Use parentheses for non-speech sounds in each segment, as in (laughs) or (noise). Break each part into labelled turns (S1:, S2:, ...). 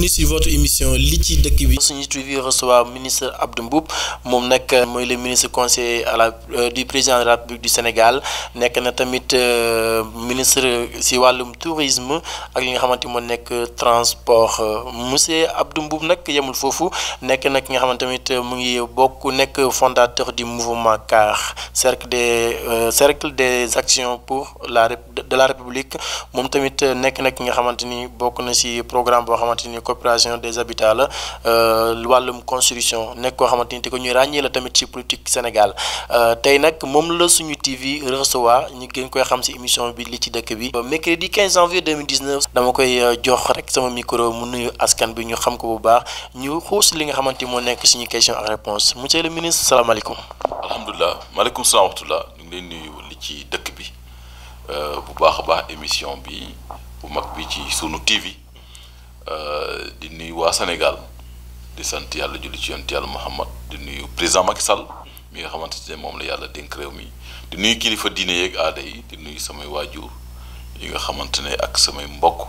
S1: bienvenue sur votre émission li ci dëkk bi. suñu moom nag euh, mooy le ministre conseiller la euh, du président de la République du Sénégal na tamit euh, ministre si wàllum tourisme ak li nga xamante moo nekk transport monsieur Abdou Mboup nag yemul foofu nekk nag nga xamante tamit mu ngi bokk nekk fondateur du mouvement CAR cercle des actions pour la de la République moom tamit nekk nag nga xamante ni bokk na si programme boo xamante ni. coopération des habitats la euh, wàllum construction nekk koo xamante ni ko ñuy ràññee la tamit ci politique Sénégal euh, tey nag moom la suñu TV recevoir ñu gën koy xam si émission bi li ci dëkk bi mercredi 15 janvier 2019 dama koy euh, jox rek sama micro mu nuyu askan bi ñu xam ko bu baax ñu xuus li nga xamante moo nekk suñu question ak réponse monsieur le ministre salaamaaleykum.
S2: alhamdulilah maaleykum salaam wa rahmatulah ñu ngi leen nuyu li ci dëkk bi bu baax a baax émission bi bu Euh, di nuyu waa Sénégal di sant yàlla julli ci yonent yàlla Muhammad di nuyu président Macky sal mi nga xamante ne moom la yàlla dénk réew mi di nuy kilifa diine yeeg aada yi di nuyu samay waajur yi nga xamante ne ak samay mbokk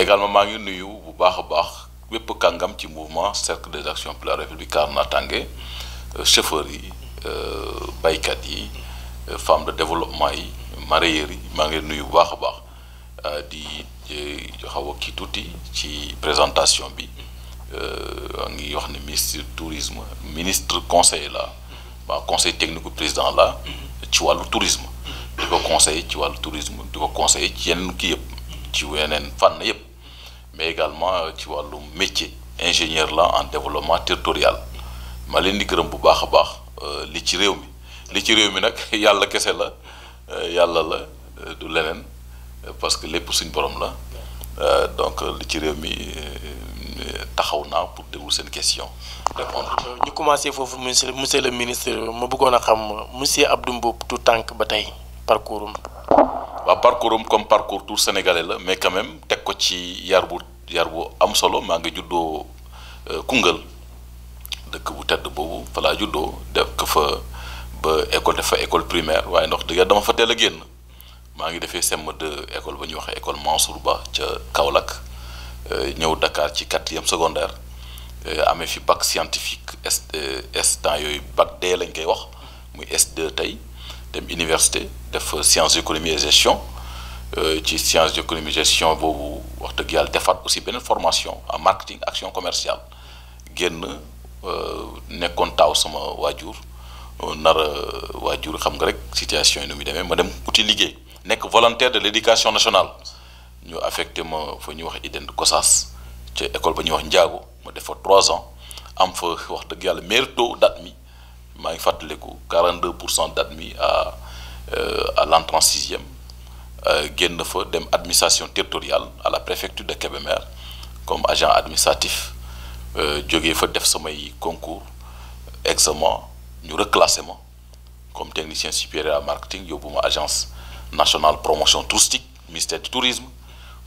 S2: également maa ngi nuyu bu baax a baax wépp kàngam ci mouvement cercle des actions pour la république naataange euh, chauffeurs yi euh, baykat yi femmes de développement yi mareyeurs yi maa ngi nuyu bu baax a baax di. xaw a ci tuuti ci présentation bi euh, ngi wax ne ministre tourisme ministre conseil la waa conseil technique président la ci wàllu tourisme di ko conseiller ci wàllu tourisme di ko conseiller ci yeneen kii yëpp ci weneen fànn yëpp mais également ci wàllu métier ingénieur la en développement territorial ma leen gërëm bu baax a baax euh, li ci réew mi li ci réew mi nag (laughs) yàlla kese la euh, yàlla la du leneen parce que lépp suñ borom la euh, donc lu ci réew mi
S1: taxaw naa pour déglu seen question répondre ñu commencé foofu monsieur monsieur le ministre ma bëggoon a xam monsieur Abdou Mboup tout tànk ba tey parcours am
S2: waaw parcours am comme parcours tout sénégalais la mais quand même teg ko ci yar bu yar bu am solo maa ngi juddoo euh, Koungheul dëkk bu tedd boobu fa laa juddoo def ko fa ba école def fa école primaire waaye ndox dëgg dama fa teel a génn maa ngi defee cm de école ba ñuy waxee école Mansour Ba ca Kaolack euh, ñëw Dakar ci quatrième secondaire euh, amee fi bac scientifique S euh, yooyu bac D lañ koy wax muy s tey dem université def science économie et gestion ci science économie gestion boobu wax dëgg yàlla defaat aussi beneen formation en marketing action commerciale génn nekkoon taaw sama waajur nar a waajur xam nga rek situation yi nu muy demee ma dem uti liggéey. nekk volontaire de l' éducation nationale ñu affecté ma fa ñuy wax Iden Gossas ca école ba ñu wax Njaago ma def fa trois ans am fa wax dëgg yàlla meilleur taux d'admis maa ngi fàttaliku 42 pour cent d'admis à euh, à l'entrée en sixième euh, génn fa dem administration territoriale à la préfecture de Kébémer comme agent administratif euh, jógee fa def samay concours examen ñu reclassé ma comme technicien supérieur à marketing yóbbu ma agence national promotion touristique ministère du tourisme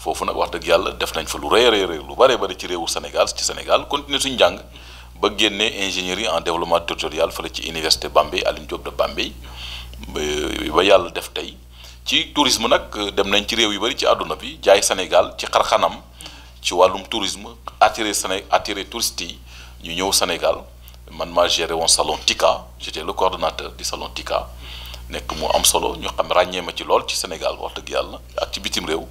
S2: foofu nag wax dëgg yàlla def nañ fa lu rëy rëy rëy lu bare bare ci réewu Sénégal ci Sénégal continuer suñu jàng ba génnee ingénierie en développement territorial fële ci université Bambey Alioune Diop de Bambey ba yàlla def tey ci tourisme nag dem nañ ci réew yu bari ci àdduna bi jaay Sénégal ci xarxanam ci wàllum tourisme attirer Séné attirer touristes yi ñu ñëw Sénégal man maa gere woon salon Tika j'étais le coordonnateur du salon Tika nekk mu am solo ñu xam ràññee ma ci lool ci Sénégal wax dëgg yàlla ak ci bitim réew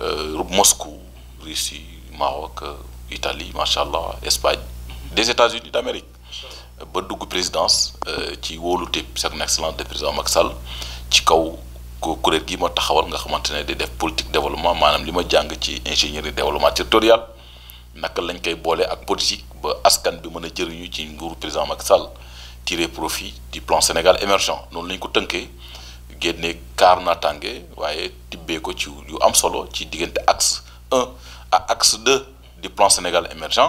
S2: euh, Moscou Russie Maroc euh, Italie macha allah Espagne des États-Unis d'Amérique ba dugg présidence euh, ci wóolute son excellence de président Macky Sall ci kaw kuréel gi ma taxawal nga xamante ne di def politique développement maanaam li ma jàng ci ingénierie développement territorial naka lañ koy boole ak politique ba askan bi mën a jëriñu ci nguuru président Macky Sall. tirer profit du plan Sénégal émergent noonu la ko tënkee génne kaar naataange waaye tibbee ko ci yu am solo ci diggante axe 1 à axe 2 du plan Sénégal émergent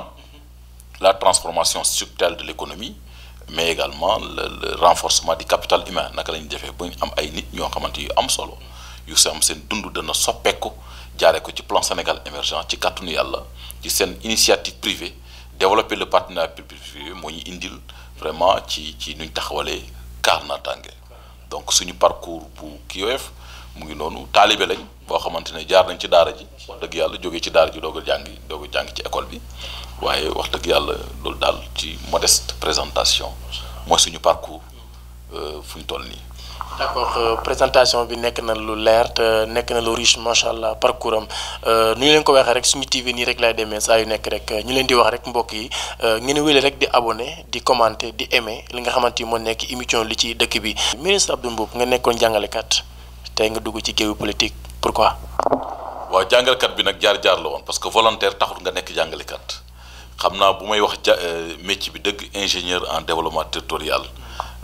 S2: la transformation structurelle de l'économie mais également le, le renforcement du capital humain naka lañu defee ba ñu am ay nit ñoo xamante yu am solo yu si seen dund dana soppeeku jaaree ko ci plan Sénégal émergent ci kàttanu yàlla ci seen initiative privée développer le partenariat public privé moo ñu indil vraiment ci ci nuñ taxawalee kaar na naataange donc suñu parcours bu QF mu ngi noonu taalibe lañ boo xamante ne jaar nañ ci daara ji wax dëgg yàlla jógee ci daara ji doog a jàngi doog a jàngi ci école bi waaye wax dëgg yàlla loolu daal ci modeste présentation mooy suñu parcours euh, fu ñu toll nii.
S1: d' accord euh, présentation bi nekk na lu leer te nekk na lu riche macha allah parcours am euh, nu ñu leen ko waxee rek suñu TV nii rek laay demee saa yu nekk rek ñu leen di wax rek mbokk yi euh, ngeen wéle rek di abonné di commenté di aimé li nga xamante ni moo nekk émission li ci dëkk bi. ministre Abdou Mboup nga nekkoon jàngalekat tey nga dugg ci géewu politique pourquoi.
S2: waaw jàngalekat bi nag jaar jaar la woon parce que volontaire taxul nga nekk jàngalekat xam naa bu may wax ja métier bi dëgg ingénieur en développement territorial.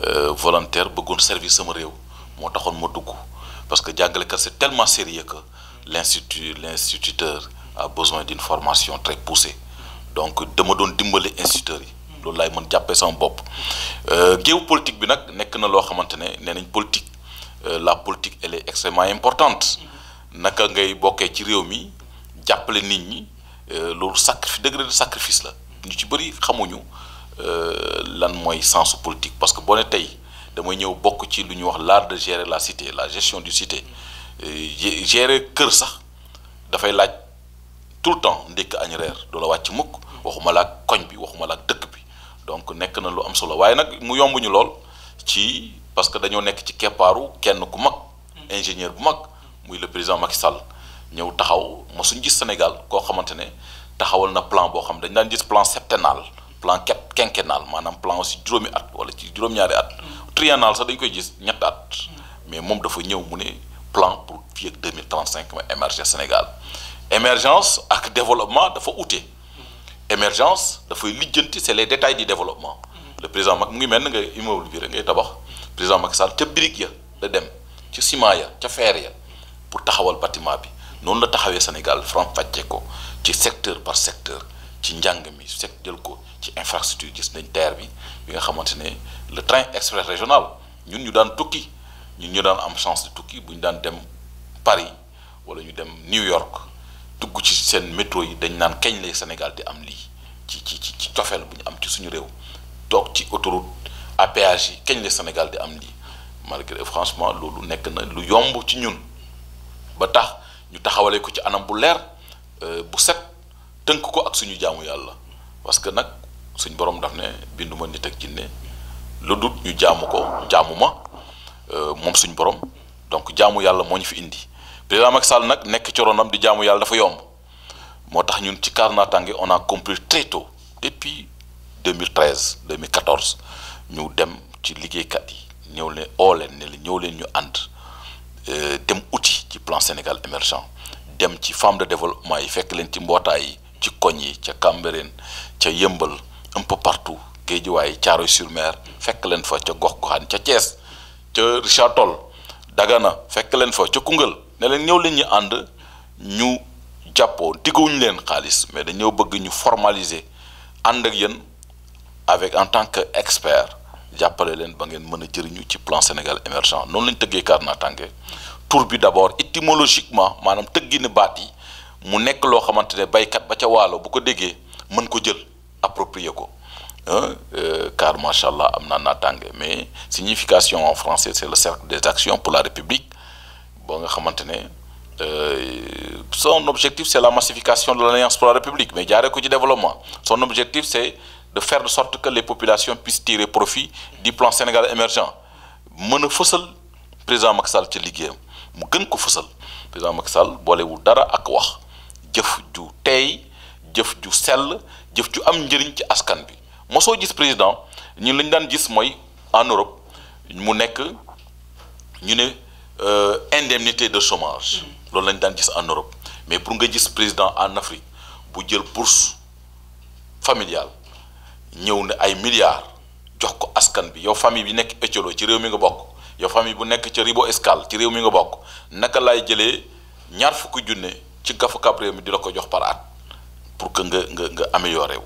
S2: Euh, volontaire bëggoon service sama réew moo taxoon ma dugg parce que jàngalekat c'est tellement sérieux que l'institut l'instituteur a besoin d'une formation très poussée donc dama doon dimbale instituteurs yi loolu laay mën jàppee sama bopp euh, géopolitique bi nag nekk na loo xamante ne nee nañ politique euh, la politique elle est importante naka ngay bokkee ci réew mi jàppale nit ñi loolu sacrifice degré de sacrifice la ñu ci bëri xamuñu Euh, lan mooy sens politique parce que boo ne tey damay ñëw bokk ci lu ñuy wax l'art de gérer la cité la gestion du cité euh, gérer kër sax dafay laaj tout le temps ndékk añ reer doo la wàcc mukk waxuma la koñ bi waxuma la dëkk bi donc nekk na lu am solo waaye nag mu yomb lool ci parce que dañoo nekk ci keppaaru kenn ku mag ingénieur bu mag muy le président Macky Sall ñëw taxaw ma suñ gis Sénégal koo xamante ne taxawal na plan boo xam dañ daan gis plan septennal plan ket quinquennal maanaam plan aussi juróomi at wala ci juróom-ñaari at triennal sax dañ koy gis ñett at mais moom dafa ñëw mu ne plan pour fii ak 2035 ma émerger Sénégal émergence ak développement dafa ute émergence dafay lijjanti c'est les détails du développement le président Macky mu ngi mel ni nga immeuble bi rek ngay tabax président Macky Sall ca brique ya la dem ca ciment ya ca fer ya pour taxawal bâtiment bi noonu la taxawee Sénégal faram-fàccee ko ci secteur par secteur ci njàng mi su fekk jël ko ci infrastructure gis nañ terre bi bi nga xamante ne le train express régional ñun ñu daan tukki ñun ñu daan am chance de tukki bu ñu daan dem Paris wala ñu dem New York tugg ci seen métro yi dañ naan kañ lay Sénégal di am lii ci ci ci cofeel bu ñu am ci suñu réew toog ci autoroute à yi kañ lay Sénégal di am lii malgré franchement loolu nekk na lu yomb ci ñun ba tax ñu taxawale ko ci anam bu leer euh, bu set. tënk ko ak suñu jaamu yàlla parce que nag suñ borom daf ne bindu ma nit ak jinne lu dul ñu jaamu ko jaamu ma euh, moom suñ borom donc jaamu yàlla moo ñu fi indi président Macky Sall nag nekk ci ronam di jaamu yàlla dafa yomb moo tax ñun ci Kaar Naataange on a compris très tôt depuis 2013 2014 ñu dem ci liggéeykat yi ñëw leen ne la ñëw leen ñu ànd euh, dem uti ci plan Sénégal émergent dem ci femme de développement yi fekk leen ci mbootaay yi. ci koñ yi ca Cambérène ca Yëmbal un peu partout Géejuwaay caro sur mer fekk leen fa ca gox goxaan ca Thiès ca Richard Toll Dagana fekk leen fa ca Koungheul ne leen ñëw leen ñu ànd ñu jàppoo digguwuñu leen xaalis mais ñëw bëgg ñu formaliser ànd ak yéen avec en tant que expert jàppale leen ba ngeen mën a jëriñu ci plan Sénégal émergent noonu lañ tëggee Karnatangé tour bi d'abord étymologiquement maanaam tëggi ne baat yi mu nekk loo xamante ne baykat ba ca waalo bu ko déggee mën ko jël approprier ko euh, car macha allah am naa naataange mais signification en français c'est le cercle des actions pour la république boo nga xamante ne euh, son objectif c'est la massification de l'alliance pour la république mais jaaree ko ci développement son objectif c'est de faire de sorte que les populations puissent tirer profit du plan Sénégal émergent mën a fësal président Macky Sall ci liggéeyam mu gën ko fësal président Macky boolewul dara ak wax jëf ju teey jëf ju sell jëf ju am njëriñ ci askan bi mosoo gis président ñun lañu daan gis mooy en Europe mu nekk ñu ne euh, indemnité de chômage loolu lañu daan gis en Europe mais pour nga gis président en Afrique bu jël bourse familiale ñëw ne ay milliards jox ko askan bi yow famille bi nekk Ecolo ci réew mi nga bokk yow famille bu nekk ca Ribo Escale ci réew mi nga bokk naka laay jëlee ñaar fukk junne ci gafakaab réew mi di la ko jox par at pour que nga nga nga amélioré wu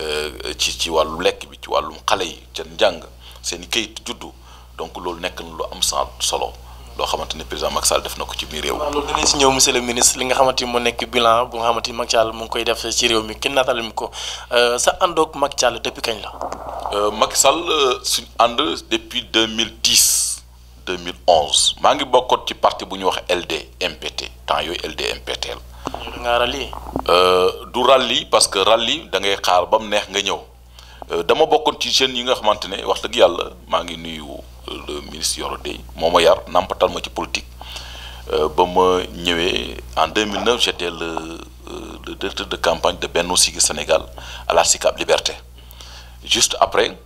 S2: euh, ci ci wàllu lekk bi ci wàllum xale yi ca njàng seen i kayit juddu donc loolu nekk na lu am solo loo xamante ni président Macky Sall def na ko ci biir réew. waaw loolu dinañ si ñëw monsieur
S1: le ministre li nga xamante ni mu nekk bilan bu nga xamante ni Macky Sall mu ngi koy def ci réew mi kenn naataale mi ko euh, sa àndoog Macky Sall depuis kañ la. mag sal su ànd
S2: depuis 2010. 2011 maa ngi bokkoon ci parti bu ñuy wax LD MPT temps yooyu LD
S1: MPT la. nga ralli.
S2: Euh, du ralli parce que ralli da ngay xaar ba mu neex nga ñëw euh, dama bokkoon ci jeunes yi nga xamante ne wax dëgg yàlla maa ngi nuyu euh, le ministre Yoro Dey moo ma yar nampatal ma ci politique ba ma ñëwee en 2009 j'étais le le directeur de campagne de Benno Siggil Sénégal à la SICAP Liberté juste après.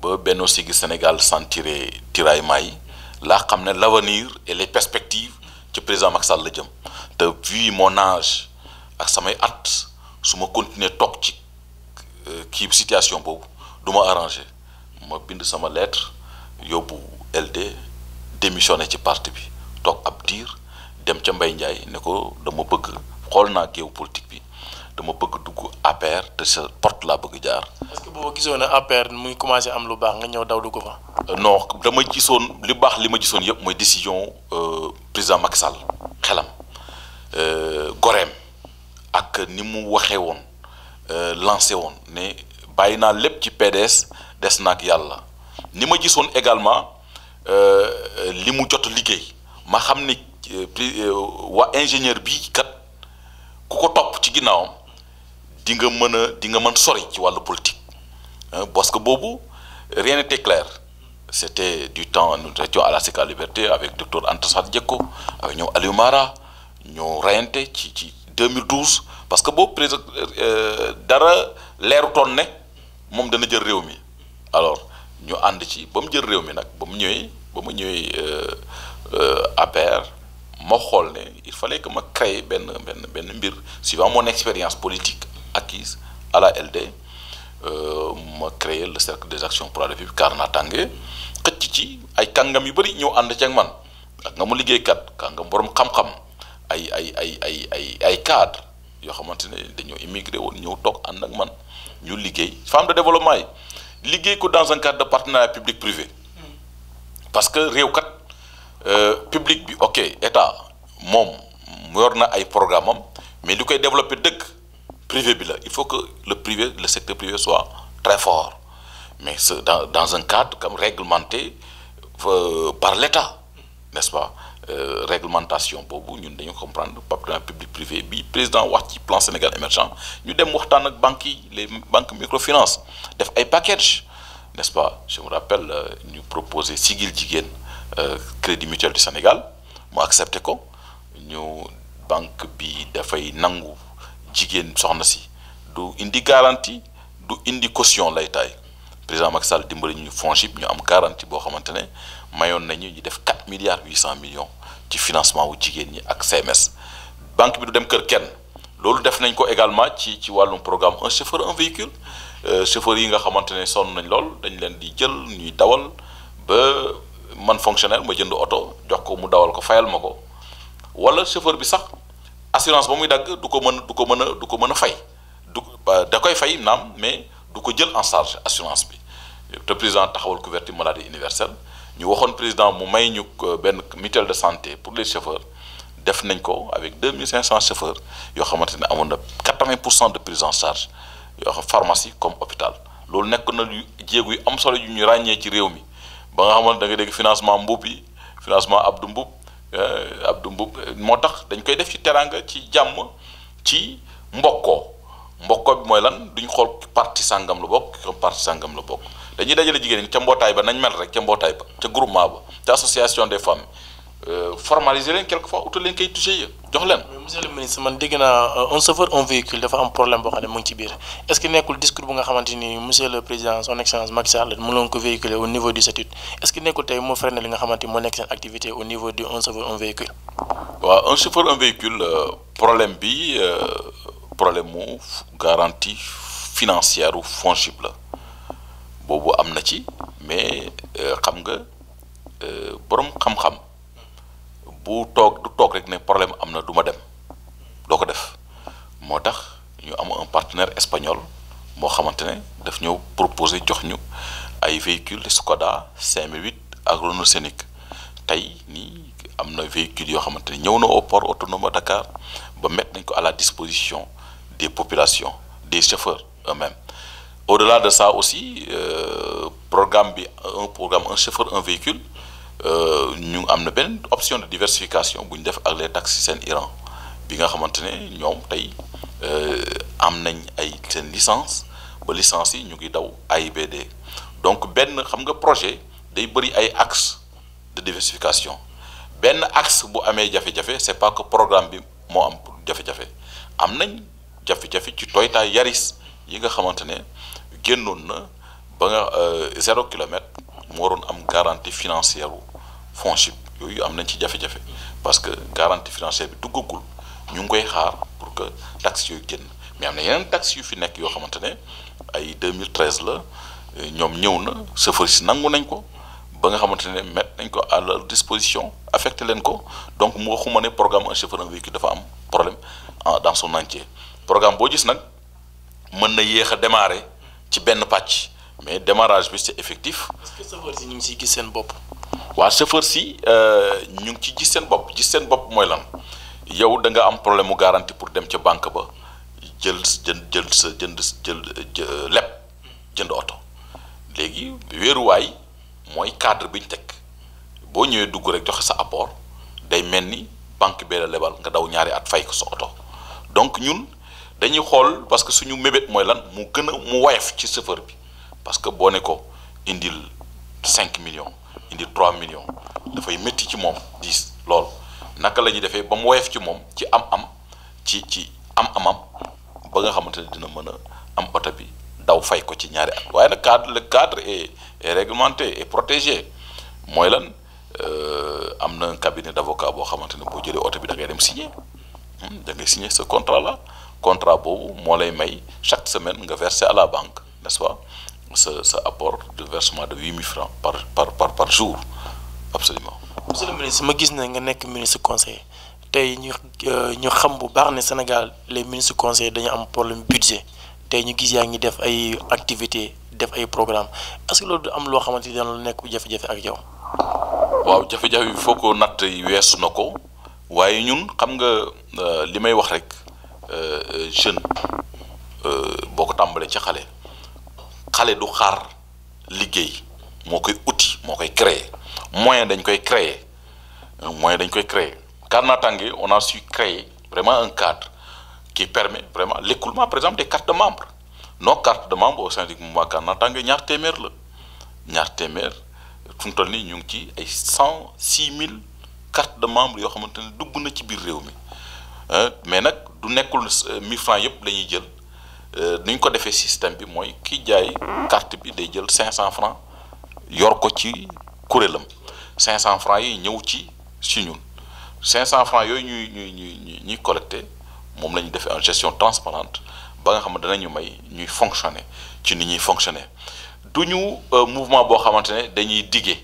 S2: ba Benno Siggil Sénégal sentiré tiraillement yi laa xam ne l'avenir et les perspectives ci président Macky Sall la jëm te vu mon âge ak samay at su ma continuer toog ci euh, kii situation boobu du ma arrangé ma bind sama lettre yóbbu LD démissionné ci parti bi toog ab diir dem ca mbay Ndiaye ne ko dama bëgg xool naa géew politique bi dama bëgg dugg APR te sa porte laa bëgg jaar.
S1: est-ce que boo gisoon ne APR muy commencé am lu baax nga ñëw daw dugg fa.
S2: Euh, non dama gisoon li baax li ma gisoon yëpp mooy décision euh, président Macky Sall xelam euh, goreem ak ni mu waxee woon lancé woon ne bàyyi naa lépp ci PDS des na yàlla ni ma gisoon également li mu jot liggéey ma xam ne waa ingénieur bi kat ku ko topp ci ginnaawam. di nga mën a di nga mën sori ci wàllu politique parce que boobu rien n'était clair c' du temps nous étions à la Sicap Liberté avec docteur Anta Sat Diéko avec ñoom Aliou ñoo reyante ci ci 2012 parce que boobu président euh, dara leeru toon ne moom dana jël réew mi alors ñu ànd ci ba mu jël réew mi nag ba mu ñëwee ba mu ñëwee euh, euh, APR moo xool ne il fallait que ma créer benn benn benn mbir suivant mon expérience politique acquises à la LD euh, ma créer le cercle des actions pour la République car naataange xëcc ci ay kangam yu bëri ñëw ànd ceeg man nga mu liggéeykat kàngam borom xam-xam ay ay ay ay ay ay cadre yoo xamante ne dañoo immigré woon ñëw toog ànd ak man ñu liggéey femme de développement yi liggéey ko dans un cadre de partenariat public privé parce que réew kat euh, public bi ok état moom yor na ay programme am mais lu koy développé dëkk privé bi la il faut que le privé le secteur privé soit très fort mais ce dans dans un cadre comme réglementé euh, par l'État n'est-ce pas euh, réglementation boobu ñun dañu comprendre partenariat public privé bi président wax ci plan Sénégal émergent ñu dem waxtaan ak banques yi les banques microfinance def ay package n'est-ce pas je me rappelle euh, ñu proposer sigil jigéen euh, crédit mutuel du Sénégal mu accepté ko ñu banque bi dafay nangu jigéen soxna si du indi garantie du indi caution lay taay président ma Sall dimbali ñu FONGIP ñu am garantie boo xamante ne mayoon nañu ñu def 4 milliards 800 millions ci financement wu jigéen ñi ak CMS banque bi du dem kër kenn loolu def nañ ko également ci ci wàllum programme un chauffeur un véhicule euh, chauffeur yi nga xamante ne sonn nañ lool dañ leen di jël ñuy dawal ba man fonctionnaire ma jënd oto jox ko mu dawal ko fayal ma ko wala chauffeur assurance ba muy dagg du ko mën du ko mën a du ko mën a fay du da koy fay naam mais du ko jël en charge assurance bi te président taxawal couverture maladie universelle ñu waxoon président mu may ñu benn mutuelle de santé pour les chauffeurs def nañ ko avec 2500 chauffeurs yoo xamante ne amoon na 80 pour cent de prise en charge yoo xam pharmacie comme hôpital loolu nekk na lu jéegu yu am solo yu ñu ràññee ci réew mi ba nga xamante da nga dégg financement Mboup yi financement Abdou Mboup Euh, Abdou Mboub moo tax dañ koy def ci teraanga ci jàmm ci mbokkoo mbokkoo bi mooy lan duñ xool parti sàngam lu bokk parti sàngam la bokk dañuy dajale jigéen ca mbootaay ba nañ mel rek ca mbootaay ba ca groupement ba ca association des femmes Euh, formaliser leen quelquefois utal leen jox leen.
S1: mais monsieur le ministre man dégg naa euh, un chauffeur un véhicule dafa am problème boo xam ne mu ngi ci biir est-ce que nekkul discours bu nga xamante ni monsieur le président son excellence Macky Sall mënoon ko véhiculer au niveau du statut est-ce que nekkul tey moo freiné li nga xamante ni nekk seen activité au niveau du un chauffeur un véhicule.
S2: waaw un chauffeur un véhicule euh, problème bi problème mu garantie financière ou fongible am na ci mais xam nga borom xam bu toog du toog rek ne problème am na duma dem doo ko def moo tax ñu am un partenaire espagnol moo xamante ne daf ñëw proposer jox ñu ay véhicules de Skoda 5008 ak Renault Scenic tey nii am na véhicule yoo xamante ne ñëw na au port autonome à Dakar ba mettre nañ ko à la disposition des populations des chauffeurs eux-mêmes au-delà de ça aussi euh, programme bi un programme un chauffeur un véhicule Euh, ñu am na benn option de diversification bu ñu def ak les taxes seen Iran bi nga xamante ne ñoom tey euh, am nañ ay seen licence ba licence yi ñu ngi daw AIBD donc benn xam nga projet day bëri ay axe de diversification benn axe bu amee jafe-jafe c'est pas que programme bi moo am jafe-jafe am nañ jafe-jafe ci Toyota Yaris yi nga xamante ne génnoon na ba nga euh, zéro kilomètre mu waroon am garantie financière wu FONGIP yooyu am nañ ci jafe-jafe parce que garantie financière bi duggagul ñu ngi koy xaar pour que taxes yooyu génn mais am na yeneen taxes yu fi nekk yoo xamante ne ay 2013 la euh, ñoom ñëw na chauffeur si nangu nañ ko ba nga xamante ne mettre nañ ko à leur disposition affecté leen ko donc mu waxuma ne programme un chauffeur un véhicule dafa am problème dans son entier programme boo gis nag mën na yéex a démarrer ci benn pàcc mais demarage bi c'est effectif. que chauffeur
S1: si ñu ngi siy gis seen bopp.
S2: waa chauffeur si euh, ñu ngi ci gis seen bopp gis seen bopp mooy lan yow da nga am problème mu garantie pour dem ca banque ba jël jënd jël sa jënd jël leb jënd oto léegi wéeruwaay mooy cadre bi ñu teg boo ñëwee dugg rek joxe sa apport day mel ni banque bee la lebal nga daw ñaari at fay ko sa oto donc ñun dañuy xool parce que suñu mébét mooy lan mu gën a mu woyof ci chauffeur bi parce que boo ne ko indil cinq millions indi 3 millions dafay métti ci moom diis lool naka la ñuy defee ba mu woyof ci moom ci am-am ci ci am am ba nga xamante ne dina mën a am oto bi daw fay ko ci ñaari at waaye nag cadre le cadre est est et protégé mooy lan euh, am na un cabinet d' avocat boo xamante ne boo jëlee oto bi da ngay dem signer hmm, da ngay signer ce contrat là contrat boobu moo lay may chaque semaine nga verser à la banque n'est-ce pas. sa sa apport de versement de huit mille francs par par par par jour absolument
S1: monsieur le ministre ma gis ne nga nekk ministre conseil tey ñu euh, ñu xam bu baax ne Sénégal les ministres conseillers dañu am problème budget tey ñu gis yaa ngi def ay activités def ay programmes est que loolu du am loo xamante ni dana nekk jafe-jafe ak yow.
S2: waaw jafe-jafe bi foo ko natt weesu na ko waaye ñun xam nga euh, li may wax rek euh, jeune boo ko tàmbalee ci xale. xale du xaar liggéey moo koy uti moo koy créer moyen dañ koy créer moyen dañ koy créer Karnatangé on a su créer vraiment un cadre qui permet vraiment l'écoulement par exemple des cartes de membres nos cartes de membres au sein du mouvement Karnatangé ñaar téeméer la ñaar téeméer fu mu toll nii ñu ngi ci ay cent six mille cartes de membres yoo xamante ne dugg na ci biir réew mi mais nag du nekkul euh, mille francs yëpp la ñuy jël Euh, ni ñu ko defee système bi mooy ki jaay carte bi day jël 500 francs yor ko ci kuréelam cent francs yi ñëw ci si ñun cent francs yooyu ñuy ñuy ñuy ñuy moom la ñu defee en gestion transparente ba nga xam ne danañu may ñuy fonctionner ci ni ñuy fonctionner du ñu euh, mouvement boo xamante ne dañuy diggee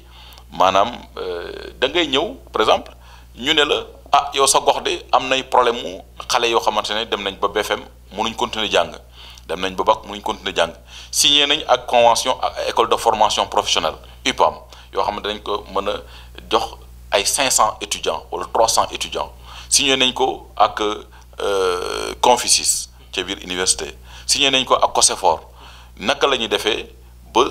S2: maanaam euh, da ngay ñëw par exemple ñu ne la ah yow sa gox de am nay problème mu xale yoo xamante ne dem nañ ba BFM nuñ continuer jàng. dem nañ ba bac mënuñ continuer jàng signé nañ ak convention ak école de formation professionnelle UPAM yoo xam ne dañ ko mën a jox ay cinq 500 étudiants wala 300 étudiants signé nañ ko ak euh, Confucius ca biir université signé nañ ko ak COSEFOR naka la ñuy defee ba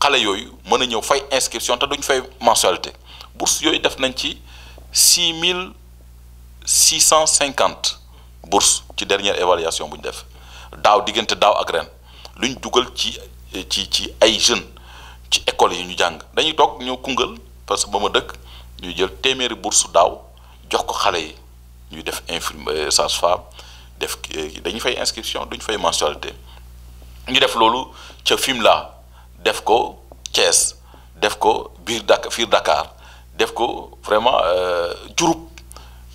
S2: xale yooyu mën a ñëw fay inscription te duñ fay mensualité bourse yooyu def nañ ci 6 mille cinquante bourses ci dernière évaluation bu ñu def. daaw diggante daaw ak ren lu ñu dugal ci ci ci ay jeunes ci école yi ñu jàng dañuy toog ñëw Koungheul parce que ba ma dëkk ñu jël téeméeri bourse daaw jox ko xale yi ñuy def infirmier euh, sage-femme def euh, dañu fay inscription duñu fay mensualité ñu def loolu ca Fimela def ko Thiès def ko biir Dakar fiir Dakar def ko vraiment euh, Diouroup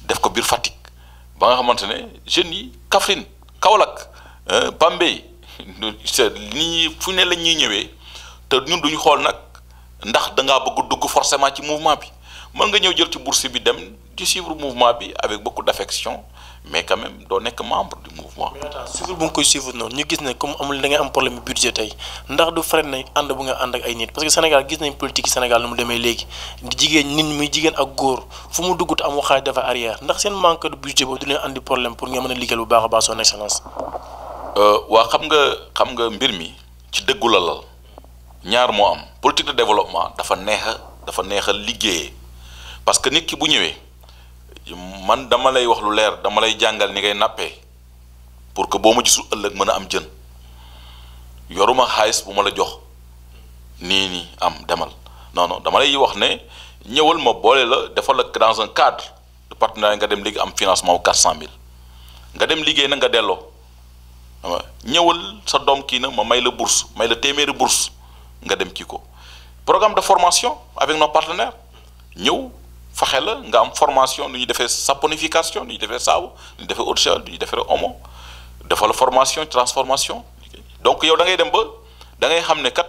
S2: def ko biir Fatick ba nga xamante ne jeunes yi Kaffrine Kaolack Bambey euh, nii fu ne la ñuy ñëwee te ñun duñu xool nag ndax da ngaa bëgg dugg forcément ci mouvement bi mën nga ñëw jël ci bourse bi dem di suivre mouvement bi avec beaucoup d'affection mais quand même doo nekk membre du mouvement.
S1: suivre bu nga koy suivre noonu ñu gis ne comme amul da ngay am problème budget tey ndax du freiné nañ ànd bu nga ànd ak ay nit parce que Sénégal gis nañ politique yi Sénégal nu mu demee léegi jigéen nit muy jigéen ak góor fu mu dugg te am waxaay dafa arrière ndax seen manque de budget boobu du pour nga mën a liggéeyal bu baax a baax Euh,
S2: waa xam nga xam nga mbir mi ci dëggu la lal ñaar moo am politique de développement dafa neex dafa neex a liggéeyee parce que nit ki bu ñëwee man dama lay wax lu leer dama lay jàngal ni ngay nappee pour que boo ma gisul ëllëg mën a am jën yoruma xaalis bu ma la jox nii nii am demal non dama lay wax ne ñëwal ma boole la defal la dans un cadre de nga dem léegi am financement wu quatre cent nga dem liggéey na nga delloo. waaw ñëwal sa doom kii na ma may la bourse may la téeméeri bourse nga dem kii ko programme de formation avec nos partenaires ñëw fexe la nga am formation nu ñuy defee saponification nu ñuy defee saabu nu ñuy defee eau de javel nu ñuy defee omo defal formation transformation donc yow da ngay dem ba da ngay xam ne kat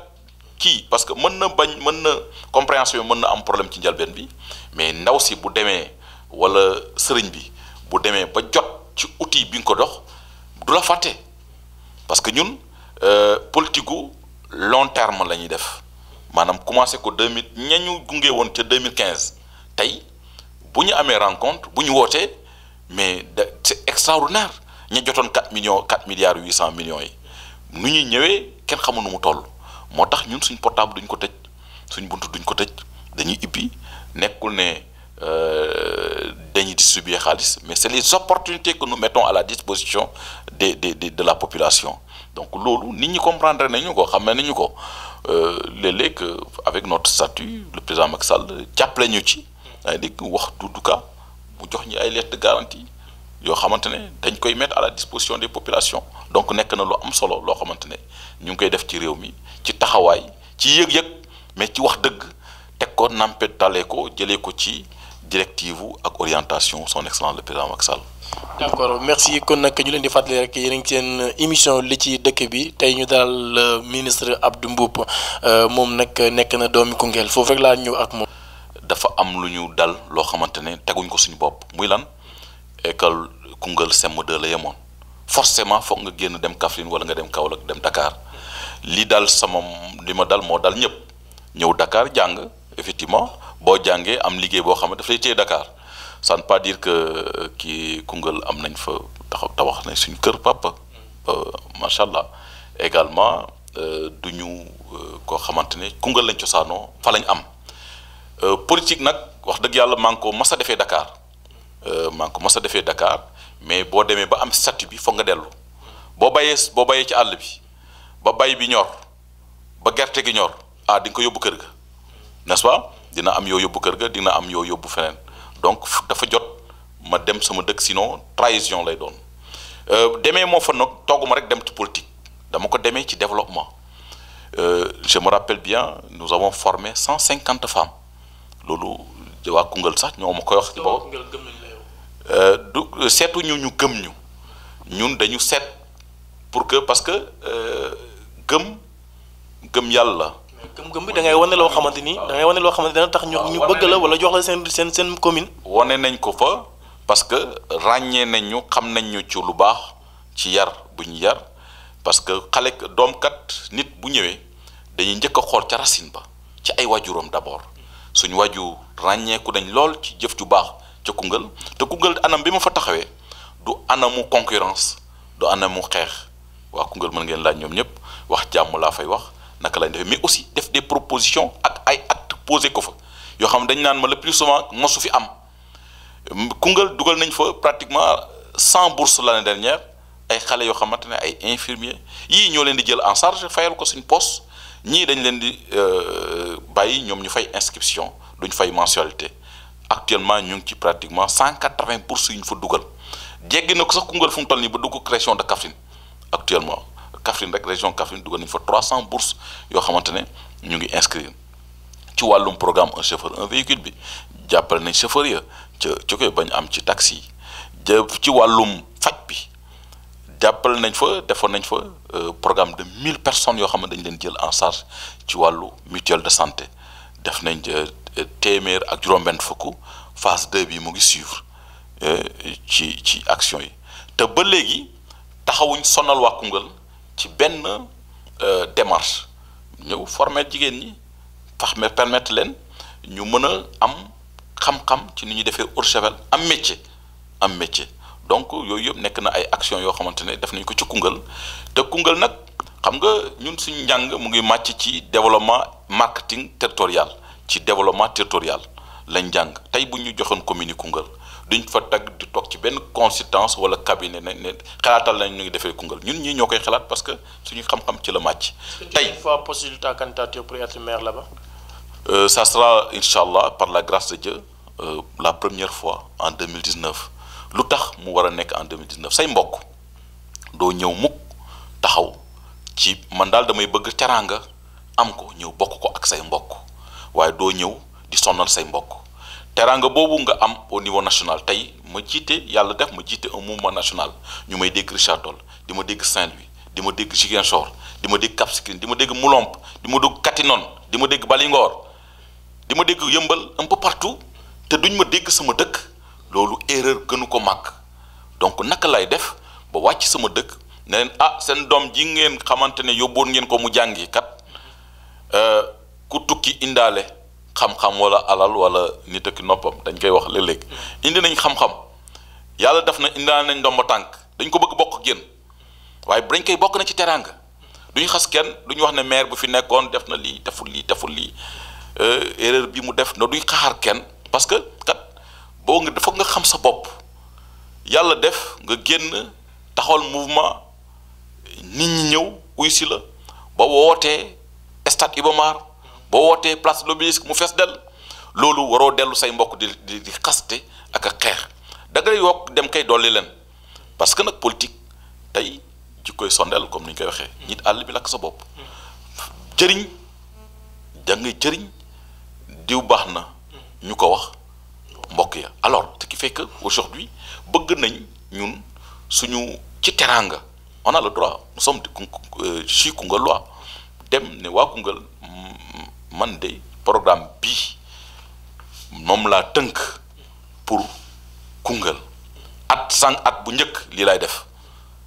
S2: kii parce que mën na bañ mën na compréhension mën na am problème ci njalbeen bi mais ndaw si bu demee wala sëriñ bi bu demee ba jot ci outil bi nga ko dox parce que ñun euh, politique gu long terme la ñuy def maanaam commencé ko deux mille ña ñu gunge woon ca deux mille quinze tey bu ñu amee rencontre bu ñu wootee mais da c'est extraordinaire ña jotoon quatre millions quatre milliards huit cent millions yi nu ñuy ñëwee kenn xamul nu mu toll moo tax ñun suñ portable duñ ko tëj suñ buntu duñ ko tëj dañuy ibbi nekkul ne euh, dañuy distribuer xaalis mais c'est les opportunités que nous mettons à la disposition de des de la population donc loolu nit ñi comprendre nañu ko xam nañu ko euh, léeg-léeg euh, avec notre statut le président Macky Sall jàppale ñu ci. yaa ngi dégg wax Doudou Ka mu jox ñu ay lettre de garantie yoo xamante ne dañ koy mettre à la disposition des population donc nekk na lu am solo loo xamante ne ñu ngi koy def ci réew mi ci taxawaay ci yëg-yëg mais ci wax dëgg teg ko nampé dalee ko jëlee ko ci. directive ak orientation son
S1: excellence le président Macky Sall. d' merci kon nag ñu leen di fàttali rek yéen a ngi seen émission li ci dëkk bi tey ñu daal euh, ministre ab du Mboup euh, moom nag nekk na doomi Koungheul foofu rek laa ñëw ak moom.
S2: dafa am lu ñu dal loo xamante ne teguñ ko suñu bopp muy lan école Koungheul CM2 la yemoon forcément foog nga génn dem Kaffrine wala nga dem Kaolack dem dakaar li dal sama li ma dal moo dal ñëpp ñëw dakaar jàng effectivement. boo jàngee am liggéey boo xam ne daf lay téye Dakar ça ne pas dire que euh, kii Koungheul am nañ fa taxaw wax nañ suñ kër papa euh, macha allah également euh, du ñu koo xamante ne Koungheul lañ cosaanoo fa lañ am politique nag wax dëgg yàlla maa ngi ko mas a defee Dakar maa ngi ko mas a defee Dakar mais boo demee ba am statut bi foog nga dellu boo bayee boo bayee ci àll bi ba bay bi ñor ba gerte gi ñor ah di ko yóbbu kër ga n'est-ce dina am yooyu yóbbu kër ga dina am yoo yóbbu feneen donc dafa jot ma dem sama dëkk sinon trahison lay doon euh, demee moo fa nag togguma rek dem ci politique dama ko demee ci développement euh, je me rappelle bien nous avons formé cent cinquante femmes loolu waa Koungheul sax ñoo ma koy wax. ci boobu euh, du seetu ñu ñu gëm ñu ñun dañu seet pour que parce que gëm gëm yàlla.
S1: gëm-gëm bi da ngay wane loo xamante ni da ngay wane loo xamante dana tax ñu ñu bëgg la wala
S2: jox la seen seen seen commune. wane nañ ko fa parce que ràññee nañ ñu xam nañ ñu ci lu baax ci yar bu ñu yar parce que xale doom kat nit bu ñëwee dañuy njëkk a xool ca racine ba ci ay wajuram d'abord suñu waju ràññeeku nañ lool ci jëf ju baax ca Koungheul te Koungheul anam bi ma fa taxawee du anamu concurrence du anamu xeex waa Koungheul mën ngeen laaj ñoom ñëpp wax jàmm laa fay wax naka lañ defee mais aussi. def des propositions ak ay actes posé ko fa yoo xam dañ naan ma le plus souvent mosu fi am Koungheul dugal nañ fa pratiquement cent bourses l'année dernière ay xale yoo xamante ne ay infirmiers yii ñoo leen di jël en charge fayal ko suñ poste ñii dañ leen di euh, bàyyi ñoom ñu fay inscription duñ fay mensualité actuellement ñu ngi ci pratiquement cent quatre-vingts bourses yu ñu fa dugal jéggi na ko sax Koungheul fu mu toll nii ba dugg création de Kaffrine actuellement Kaffrine rek région Kaffrine dugal nañ fa cent bourses yoo xamante ne ñu ngi inscrire ci wàllum programme un chauffeur un véhicule bi jàppale nañ chauffeur ya ca ca koy bañ am ci taxi yi jë ci wàllum faj bi jàppale nañ fa defoon nañ fa euh, programme de mille personnes yoo xam ne dañ leen jël en charge ci wàllu mutuelle de santé def nañ euh, téeméer ak juróom-benn fukk phase de bi mu ngi suivre euh, ci ci action yi te ba léegi taxawuñ sonal waa Koungheul ci benn démarche ñëw former jigéen ñi tax permettre leen ñu mën a am xam-xam ci ni ñuy defee Courchevel am métier am métier donc yooyu yëpp nekk na ay action yoo xamante ne def nañ ko ci Koungheul te Koungheul nag xam nga ñun suñu njàng mu ngi màcc ci développement marketing territorial ci développement territorial lañ jàng tey bu ñu joxoon commune yi Koungheul duñ fa tagg di toog ci benn consistance wala cabinet ne ne xalaatal nañ ñu ngi defee Koungheul ñun ñii ñoo koy xalaat parce que suñu xam-xam ci la màcc.
S1: tey fois postuler ta candidature pour être maire là-bas.
S2: Euh, ça allah par la grace de Dieu euh, la première fois en 2019 lu tax mu war a nekk en 2019 say mbokk doo ñëw mukk taxaw ci man daal damay bëgg teraanga am ko ñëw bokk ko ak say mbokk waaye doo ñëw di sonnal say mbokk. teraanga boobu nga am au niveau national tey ma jiite yàlla def ma jiite un mouvement national ñu may dégg Richard Toll di ma dégg Saint-Louis di ma dégg Ziguinchor di ma dégg Cap Skirring di ma dégg Moulomp di ma dégg Katinon di ma dégg Balingor di ma dégg Yëmbal un peu partout te duñ ma dégg sama dëkk loolu erreur gënu ko màgg donc naka lay def ba wàcc sama dëkk ne leen ah seen doom ji ngeen xamante ne yóbboon ngeen ko mu jàngi kat euh, ku tukki indaale. xam-xam wala alal wala nit ak noppam dañ koy wax léeg-léeg indi nañ xam-xam yàlla def na indaan nañ ndomba tànk dañ ko bëgg bokk génn waaye dañ koy bokk na ci teraanga duñu xas kenn duñu wax ne maire bu fi nekkoon def na lii deful lii deful lii euh, erreur bi mu def na duñ xaar kenn parce que kat boo nga dafa nga xam sa bopp yàlla def nga génn taxawal mouvement nit ñi ñëw uy si la ba wootee stade Iba boo wootee place de l'Obélisque mu fees dell loolu waroo dellu say mbokk di di di xaste ak a xeex da ngay yokk dem kay dolli leen parce que nag politique tey ji koy sondeel comme ni ñu koy waxee. Mm. nit àll bi lakk sa bopp. Mm. jëriñ da ngay jëriñ diw baax na mm. ñu ko wax mbokk ya alors ce qui fait aujourd'hui bëgg nañ ñun suñu ci teraanga on a le droit nous sommes de Koungheul dem ne waa Koungheul man de programme bi moom laa tënk pour Koungheul at sang at bu njëkk lii laay def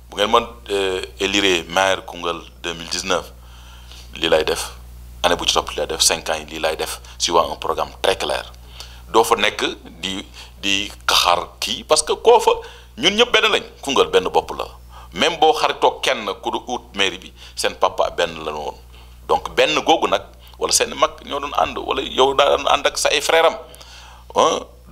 S2: bu ngeen man euh, élire maire Koungheul 2019 lii lay def année bu ci topp lii laay def cinq ans yi lii laay def suivant un programme très clair doo fa nekk di di xaxar kii parce que koo fa ñun ñëpp benn lañ Koungheul benn bopp la même boo xaritoo kenn ku du ut mairie bi seen papa benn la woon donc benn googu nag wala seen mag ñoo doon ànd wala yow daal doon ànd ak sa ay frère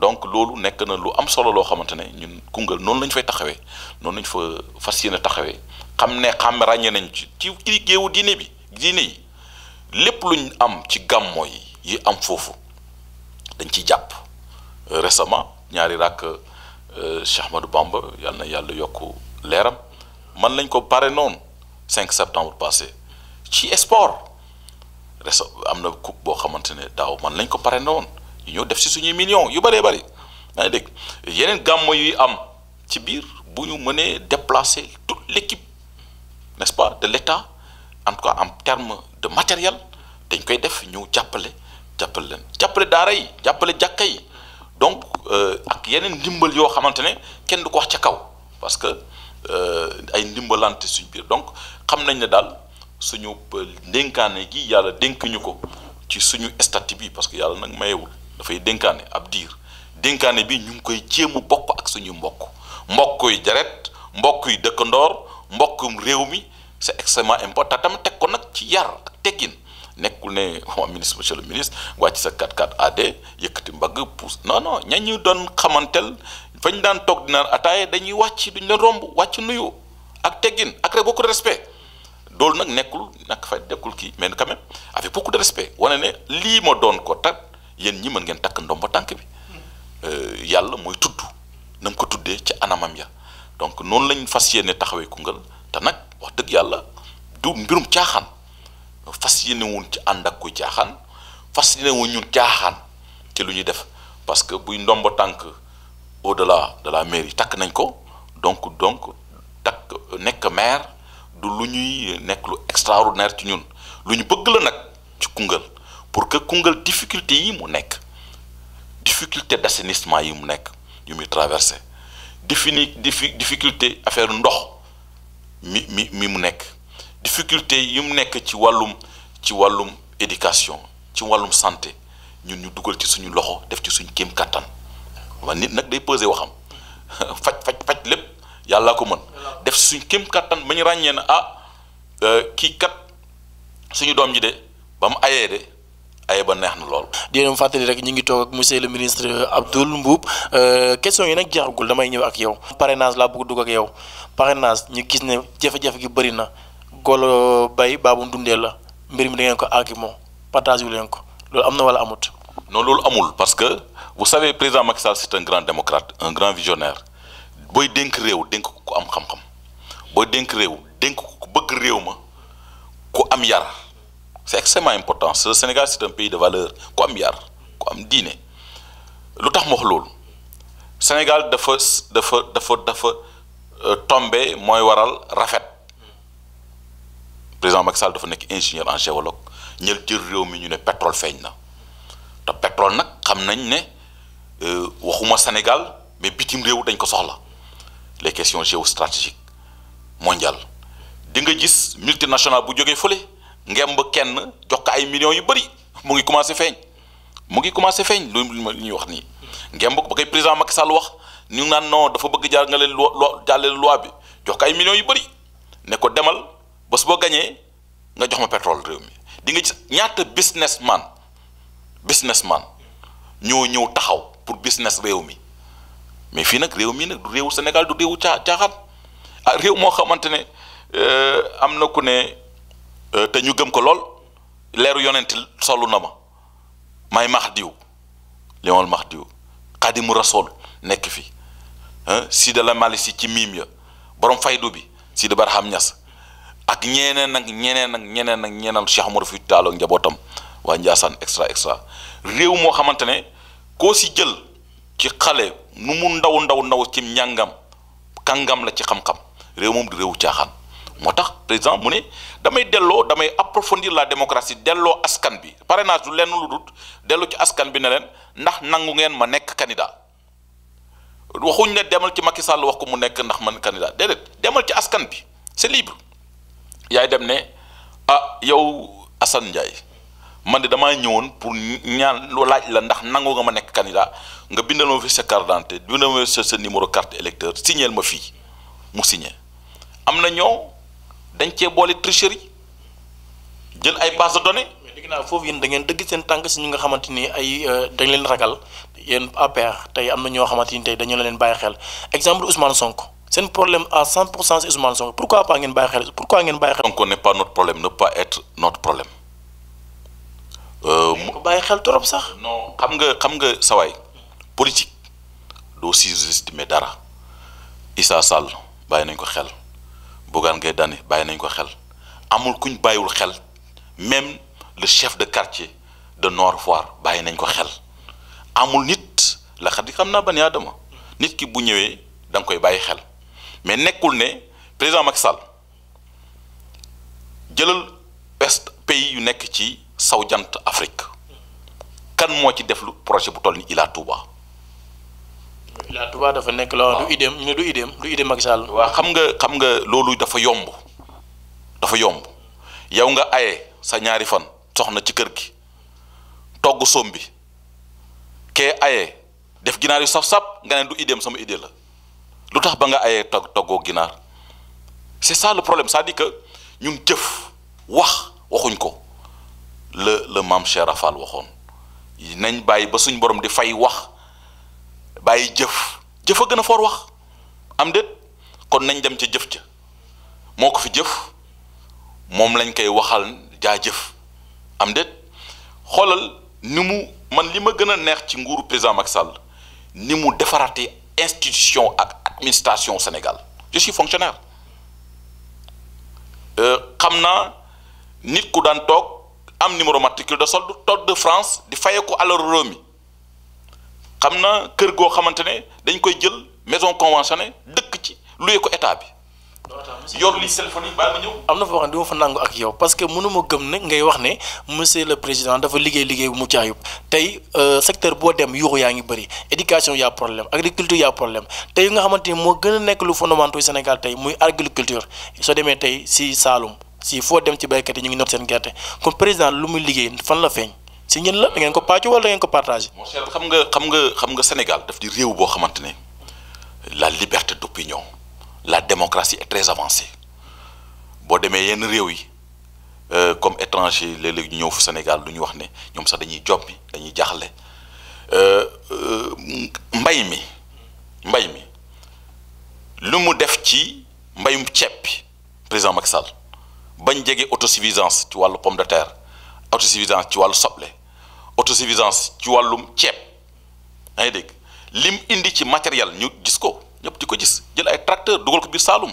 S2: donc loolu nekk na lu am solo loo xamante ne ñun Koungheul noonu lañu ñu fay taxawee noonu la ñu fa fas yéene taxawee xam ne xam ràññee nañ ci ci ci géewu diine bi diine yi lépp luñ am ci gàmmo yi am foofu dañ ciy jàpp récemment ñaari rakk euh, Cheikh Ahmadou Bamba yàlla na yàlla yokk leeram man lañ ko pare noonu 5 septembre passé ci sport resa am na coupe boo xamante ne daaw man lañ ko paree na woon ñu ñëw def si suñuy millions yu bëree bëri yaa ngi dégg yeneen gàmmo yuy am ci biir bu ñu mënee déplacer toute l' équipe n' de l' état en tout cas terme de matériel dañ koy def ñëw jàppale jàppale leen jàppale daaray jàppale jàkka yi donc euh, ak yeneen ndimbal yoo xamante ne kenn du ko wax ca kaw parce que euh, ay ndimbalante suñ biir donc xam nañ ne daal. suñu euh, dénkaane gi yàlla dénk ñu ko ci suñu statut bi parce que yàlla nag mayewul dafay dénkaane ab diir dénkaane bi ñu ngi koy jéem a bokk ak suñu mbokk mbokk yu jaret mbokk yu dëkkandoor mbokkum réew mi c'est extrêmement important tamit teg ko nag ci yar ak teggin nekkul ne (laughs) waa ministre monsieur le ministre wàcc sa 44 AD yëkkati mbagg pousse non ña ñu doon xamantel fañ daan toog dinaan ataaye dañuy wàcc duñ leen romb wàcc nuyu ak teggin a rek beaucoup loolu nag nekkul nag fa nekkul kii mais quand même avec beaucoup de respect wane ne lii ma doon ko tat yéen ñii mën ngeen takk ndomba tànk bi euh, yàlla mooy tudd na ko tuddee ci anamam ya donc noonu lañ fas yéene taxawee Koungheul te nag wax dëgg yàlla du mbirum caaxaan fas yéene wuñ ci ànd ak kuy caaxaan fas yéene wuñ ñun caaxaan ci lu ñuy def parce que buy ndomb tànk au delà de la mairie takk nañ ko donc donc takk nekk maire. du lu ñuy euh, nekk lu extraordinaire ci ñun lu ñu bëgg la nag ci Koungheul pour que Koungheul difficulté yi mu nekk difficulté d'assainissement yi mu nekk yu muy traversé défini difficulté affaire ndox mi mi mu nekk difficulté yi mu nekk ci wàllum ci wàllum éducation ci wàllum santé ñun ñu dugal ci suñu loxo def ci suñu kéem kattan wa nit nag day peser waxam (laughs) faj faj faj lépp yàlla ko mën def suñ kéem kattan ba ñu ràññee ne ah euh, kii kat suñu doom ji de ba mu ayee de aye ba neex na lool.
S1: di leen fàttali rek ñu ngi toog ak monsieur le ministre euh, Abdoul Mboup euh, question yi nag jeexagul damay ñëw ak yow. parrainage laa bëgg dugg ak yow parrainage ñu gis ne jafe-jafe gi bëri na golo bay baabu dundee la mbir mi da ngeen ko àgg moom partage wu leen ko loolu am na wala amut.
S2: non loolu amul parce que vous savez président Macky Sall c'est un grand démocrate un booy dénk réew dénk ko ku am xam-xam booy dénk réew dénk ko ku bëgg réew ma ku am yar c'est extrêmement important le Sénégal c'est un pays de valeur ku am yar ku am diine lu tax mu wax loolu Sénégal dafa dafa dafa dafa euh, tombé mooy waral rafet président Macky Sall dafa nekk ingénieur en géologue ñël jël réew mi ñu ne petrole feeñ na te pétrole nag xam nañ ne euh, waxuma Sénégal mais bitim réew dañ ko soxla les questions géostratégiques mondiales di nga gis multinational bu jógee fële ngemb kenn jox ko ay millions yu bëri mu ngi commencé feeñ mu ngi commencé feeñ lu ñuy wax nii ngemb ba koy président Macky Sall wax ñu naan non dafa bëgg jaar nga leen loo loi bi jox ko ay millions yu bëri ne ko demal ba suba gañee nga jox ma pétrole réew mi di nga gis ñaata businessman businessman ñoo ñëw taxaw pour business réew mi mais fii nag réew mii nag réewu Sénégal du réewu caa caaxaan ah réew moo xamante ne euh, am na ku ne euh, te ñu gëm ko lool leeru yonent solu na ma may max diw limal max diw xadimu rasool nekk fi Sida la Malisi ci miim ya borom faydu bi Sida Barham Niass ak ñeneen ak ñeneen ak ñeneen ak ñeneen Cheikh Oumar Foutiyou Tall njabootam waa Ndiassane extra extra réew moo xamante ne koo si jël. ci xale nu mu ndaw ndaw ndaw ci njàngam kàngam la ci xam-xam réew moom di réewu caaxaan moo tax président mu ne damay delloo damay approfondir la démocratie delloo askan bi parrainage du lenn lu dut delloo ci askan bi ne leen ndax nangu ngeen ma nekk candidat waxuñ ne demal ci Macky Sall wax ko mu nekk ndax man candidat déedéet demal ci askan bi c'est libre yaay dem ne ah yow Assane Ndiaye man de damaa ñëwoon pour ñaan loo laaj la ndax nangu nga ma nekk candidat nga bindal ma fi sa carte d'identité bindal ma fi sa numéro carte électeur signeel ma fii mu signé am na ñoo dañ cee boole
S1: tricherie jël ay base de données. mais dégg naa foofu yéen da ngeen dëgg seen tànk si ñu nga xamante ay euh, dañ leen ragal yéen APR tey am na ñoo xamante ni tey dañu leen bàyyi xel exemple Ousmane Sonko seen problème à 100 pour cent si Ousmane Sonko pourquoi pas ngeen bàyyi xel pourquoi Euh, mu bàyyi xel trop sax.
S2: non xam nga xam nga sawaay politique doo sous-estimer dara Issa Sall bàyyi nañ ko xel Bougane Gueye Dany bàyyi nañ ko xel amul kuñ bàyyiwul xel même le chef de quartier de Nord Foire bàyyi nañ ko xel amul nit la xam xam naa ban aadama nit ki bu ñëwee da nga koy bàyyi xel mais nekkul ne président Macky Sall jëlal best pays yu nekk ci. saw jant Afrique kan moo ci def lu projet bu toll ni Ila Touba.
S1: Ila Touba dafa nekk la du idéem du idéem du idéem Macky Sall. waaw xam
S2: nga xam nga loolu dafa yomb dafa yomb yow nga aye sa ñaari fan soxna ci kër gi togg soom bi kee aye def ginaar yu saf-saf nga ne du idéem sama idée la lu tax ba nga aye togg toggoo ginaar c'est ça problème c'est-à-dire ñun jëf wax waxuñ ko. la la maam Cheikh Rafal waxoon nañ bàyyi ba suñ borom di fay wax bàyyi jëf jëf a gën a foor wax am déet kon nañ dem ca jëf ca moo ko fi jëf moom lañ koy waxal jaa jëf am déet xoolal ni mu man li ma gën a neex ci nguuru président Macky Sall ni mu defaraate institution ak administration Sénégal je suis euh, xam naa nit ku daan toog am numéro matricule de solde toog de France di fayee ko alalu réew mi xam na kër goo xamante ne dañ koy jël maison conventionnée dëkk ci loué ko état bi. yor li téléphone yi bàyyi ma ñëw.
S1: am na foo xam ne du ma fa nangu ak yow parce que mënu ma gëm ne ngay wax ne monsieur le président dafa liggéey liggéey bu mucc ayib tey euh, secteur boo dem yuuxu yaa ngi bëri éducation y' a problème agriculture y' problème tey nga xamante ni moo gën a nekk lu fondamental Sénégal tey muy agriculture soo demee tey si Saloum. si foo dem ci baykat yi ñu ngi noot seen gerte comme président lu muy liggéey fan la feeñ si ngeen la da ko pàcc wala da ngeen ko partagé.
S2: mon cher xam nga xam nga xam nga Sénégal daf di réew boo xamante ne la liberté d'opinion la démocratie est très avancée boo demee yenn réew yi euh, comme étranger léeg-léeg ñu ñëw fu Sénégal du ñu wax ne ñoom sax dañuy joppi dañuy jaxle euh, euh, mbay mi mbay mi lu mu def ci mbayum ceeb bi président Macky Sall bañ jege autosuffisance ci wàllu pomme de terre autosuffisance ci wàllu soble autosuffisance ci wàllum ceeb yaa ngi dégg lim indi ci matériel ñu gis ko ñëpp di ko gis jël ay tracteur dugal ko biir Saalum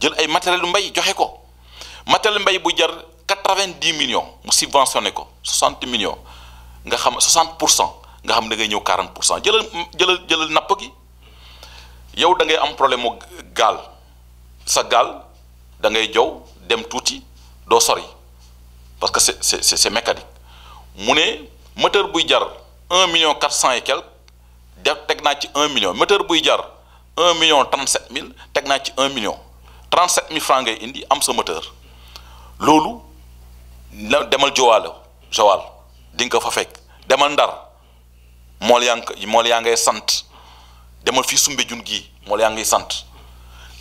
S2: jël ay matériel mbay joxe ko matériel mbay bu jar quatre-vingt-dix millions mu subventionné ko soixante million nga xam soixante pour cent nga xam da ñëw quarante pour cent jëlal jëlal jëlal napp gi yow da ngay am problème mu gaal sa gaal da ngay jow dem tuuti doo sori parce que c'est c'est c'est mécanique mu ne moteur buy jar un million quatre cent et quelque def teg naa ci un million moteur buy jar un million trente mille teg naa ci un million trente sept mille francs ngay indi am sa moteur loolu la demal jowaalo jowaal di ko fa fekk demal ndar mool yaa ngi mool yaa ngay sant demal fi sumbe jun gii mool yaa ngay sant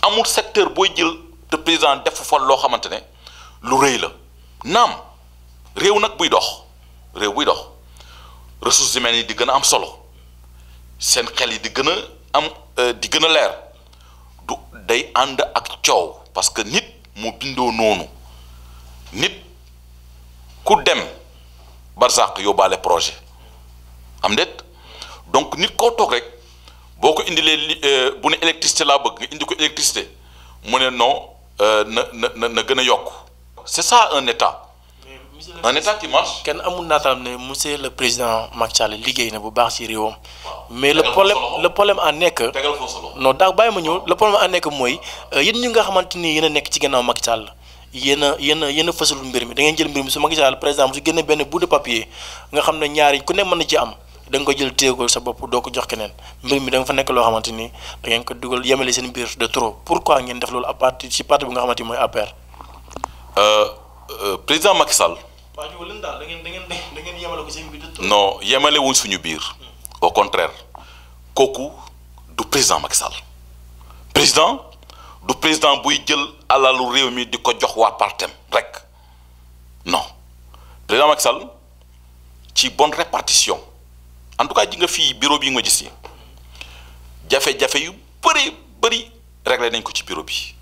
S2: amul secteur booy jël te président def fa loo xamante ne lu rëy la naam réew nag buy dox réew buy dox ressources humaines yi di gën a am solo seen xel yi di gën a am euh, di gën a leer du day ànd ak coow parce que nit mu bindoo noonu nit ku dem barzaq yóbbaale projet am déet donc nit koo toog rek boo ko indilee li euh, bu ne électricité laa bëgg nga indi ko électricité mu ne non Euh, na na na gën a yokk
S1: c'est ça un état. un état kenn amul naataam ne monsieur le président Macky Sall liggéey na bu baax ci réewam. mais le problème le problème en nekk. tegal non daaw bàyyi ma ñëw le problème en nekk mooy euh, yéen ñu nga xamante ni yéen a nekk ci gannaaw Macky Sall yéen a yéen a yéen a fësalul mbir mi da ngeen jël mbir mi su Macky Sall par exemple su génne benn bout de nga xam ne ñaari ku ne mën na ci am. danga ko jël téye sa bopp doo ko jox keneen mbir mi da nga fa nekk loo xamante ni da ngeen ko dugal yemale seen biir de trop pourquoi ngeen def loolu à partir ci parti bi nga xamante ni mooy APR. Euh, euh, président Macky Sall. waa ñu wële daal da ngeen da ngeen da ngeen yemale ko seen biir de trop.
S2: non yemale wuñ suñu biir. au contraire kooku du président Macky Sall président du président buy jël alalu réew mi di ko jox waa partem rek non président Macky Sall ci bonne répartition. en tout cas ji nga fii bureau bi nga ma gis yi jafe-jafe yu bëri bëri réglé nañ ko ci bureau bi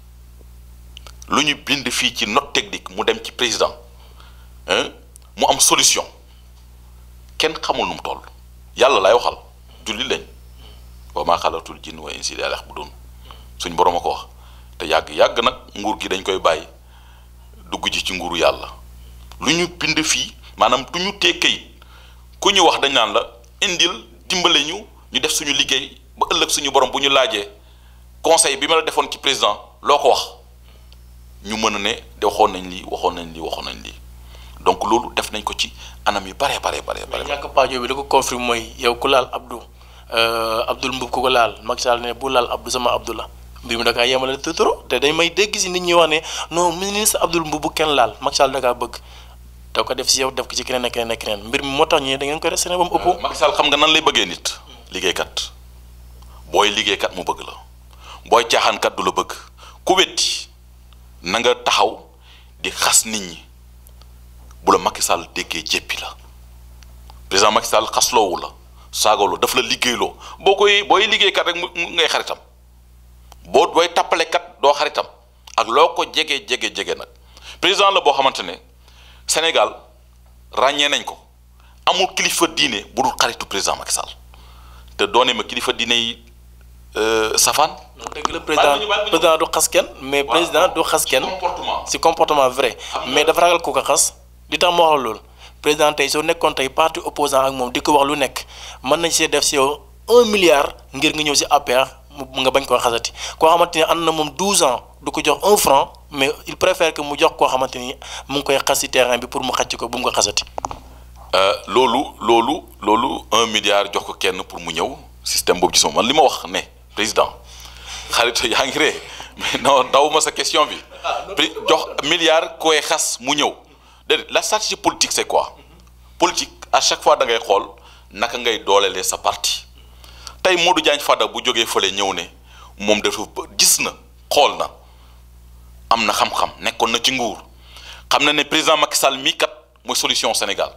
S2: lu ñu bind fii ci note technique mu dem ci président mu am solution kenn xamul nu mu toll yàlla laay waxal julli lañ wa maa xalatul jinn wa insi ilaah bu doon suñ borom ko wax te yàgg yàgg nag nguur gi dañ koy bàyyi dugg ji ci nguuru yàlla lu ñu bind fii maanaam du ñu tee kayit ku ñu wax dañ naan la. indil dimbale ñu ñu def suñu liggéey ba ëllëg suñu borom bu ñu laajee conseil bi ma la defoon ci président loo ko wax ñu mën ne de waxoon nañ lii waxoon nañ lii waxoon nañ lii donc loolu def nañ ko ci anam yi bare bare bare bare
S1: ñàkk paajo bi da ko confirme mooy yow ku laal Abdou euh, Abdoul Mboub ku ko laal Macky Sall ne bu laal Abdou sama Abdou la mbir mi da kaa yemale te trop te dañ may dégg si nit ñi wax ne non ministre Abdoul Mboub bu kenn laal Macky Sall da kaa bëgg da ko def si yow def ko ci keneen ak keneen ak keneen mbir mi moo tax ñu da ngeen ko restreint ba mu ëpp.
S2: Macky Sall xam nga nan lay bëggee nit. liggéeykat mu bëgg la booy caaxaankat du la bëgg ku nga taxaw di xas nit ñi bu la Macky Sall déggee jéppi la président Macky Sall xasloowu la saagoloo daf la liggéeyloo boo koy booy liggéeykat rek mu ngay xaritam boo booy tappalekat doo xaritam ak loo ko jege jege jege nag président la boo xamante ne. Sénégal ràññee nañ ko amul kilifa diine bu dul xaritu président Macky Sall te doone ma kilifa diine yi euh, safaan.
S1: dëgg la président président du xas kenn mais président du xas kenn si comportement vrai mais dafa ragal ko ko xas di tax ma wax loolu président tey soo nekkoon tey parti opposant ak moom di ko wax lu nekk mën nañ see def si yow un milliard ngir nga ñëw si APR mu nga bañ koo xasati koo xamante ne ànd na moom douze ans. du ko jox un franc mais il préfère que mu jox ko xamante ni mu ngi koy xas ci terrain bi pour mu xàcc ko bu mu ko xasati.
S2: Euh, loolu loolu loolu un milliard jox ko kenn pour mu ñëw système boobu gisuma man li ma wax ne président xarit (laughs) yaa ngi ree mais ma sa question bi. jox milliard koy xas mu ñëw déedéet la stratégie politique c'est quoi. politique à chaque fois da ngay xool naka ngay doolelee sa parti tey Modou Diagne Fada bu jógee fële ñëw ne moom def gis na xool na. am na xam-xam nekkoon na ci nguur xam na ne président Macky Sall mii kat mooy solution Sénégal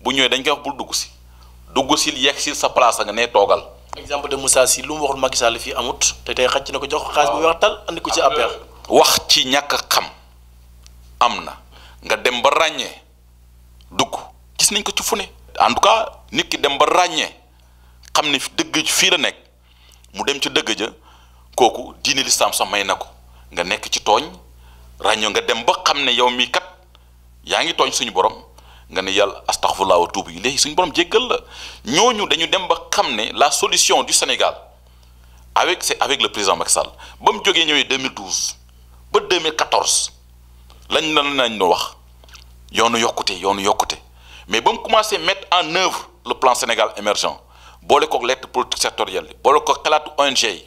S2: bu ñëwee dañ koy wax dugg si dugg si yegg si sa place nga nee toogal.
S1: exemple de Moussa Sy lu mu waxoon Macky fii amut te tey xàcc na ko jox ko bu weex tal andi ko ci APR.
S2: wax ci ñàkk xam am na nga dem ba ràññee
S1: dugg gis nañ ko ci fu ne.
S2: en tout cas nit ki dem ba ràññee xam ne dëgg fii la nekk mu dem ci dëgg ja kooku diine lislaam sa may na ko nga nekk ci tooñ. ràññoo nga dem ba xam ne yow mii kat yaa ngi tooñ suñu borom nga ne yàlla astaghfirullah wa tuubu ilayhi suñu borom jéggal la ñooñu dañu dem ba xam ne la solution du Sénégal avec c'est avec le président Macky Sall ba mu jógee ñëwee 2012 ba 2014 lañ lan nañ wax yoonu yokkute yoonu yokkute mais ba mu commencé mettre en œuvre le plan Sénégal émergent boole kook lettre politique sectorielle boole ko xalaatu ONG yi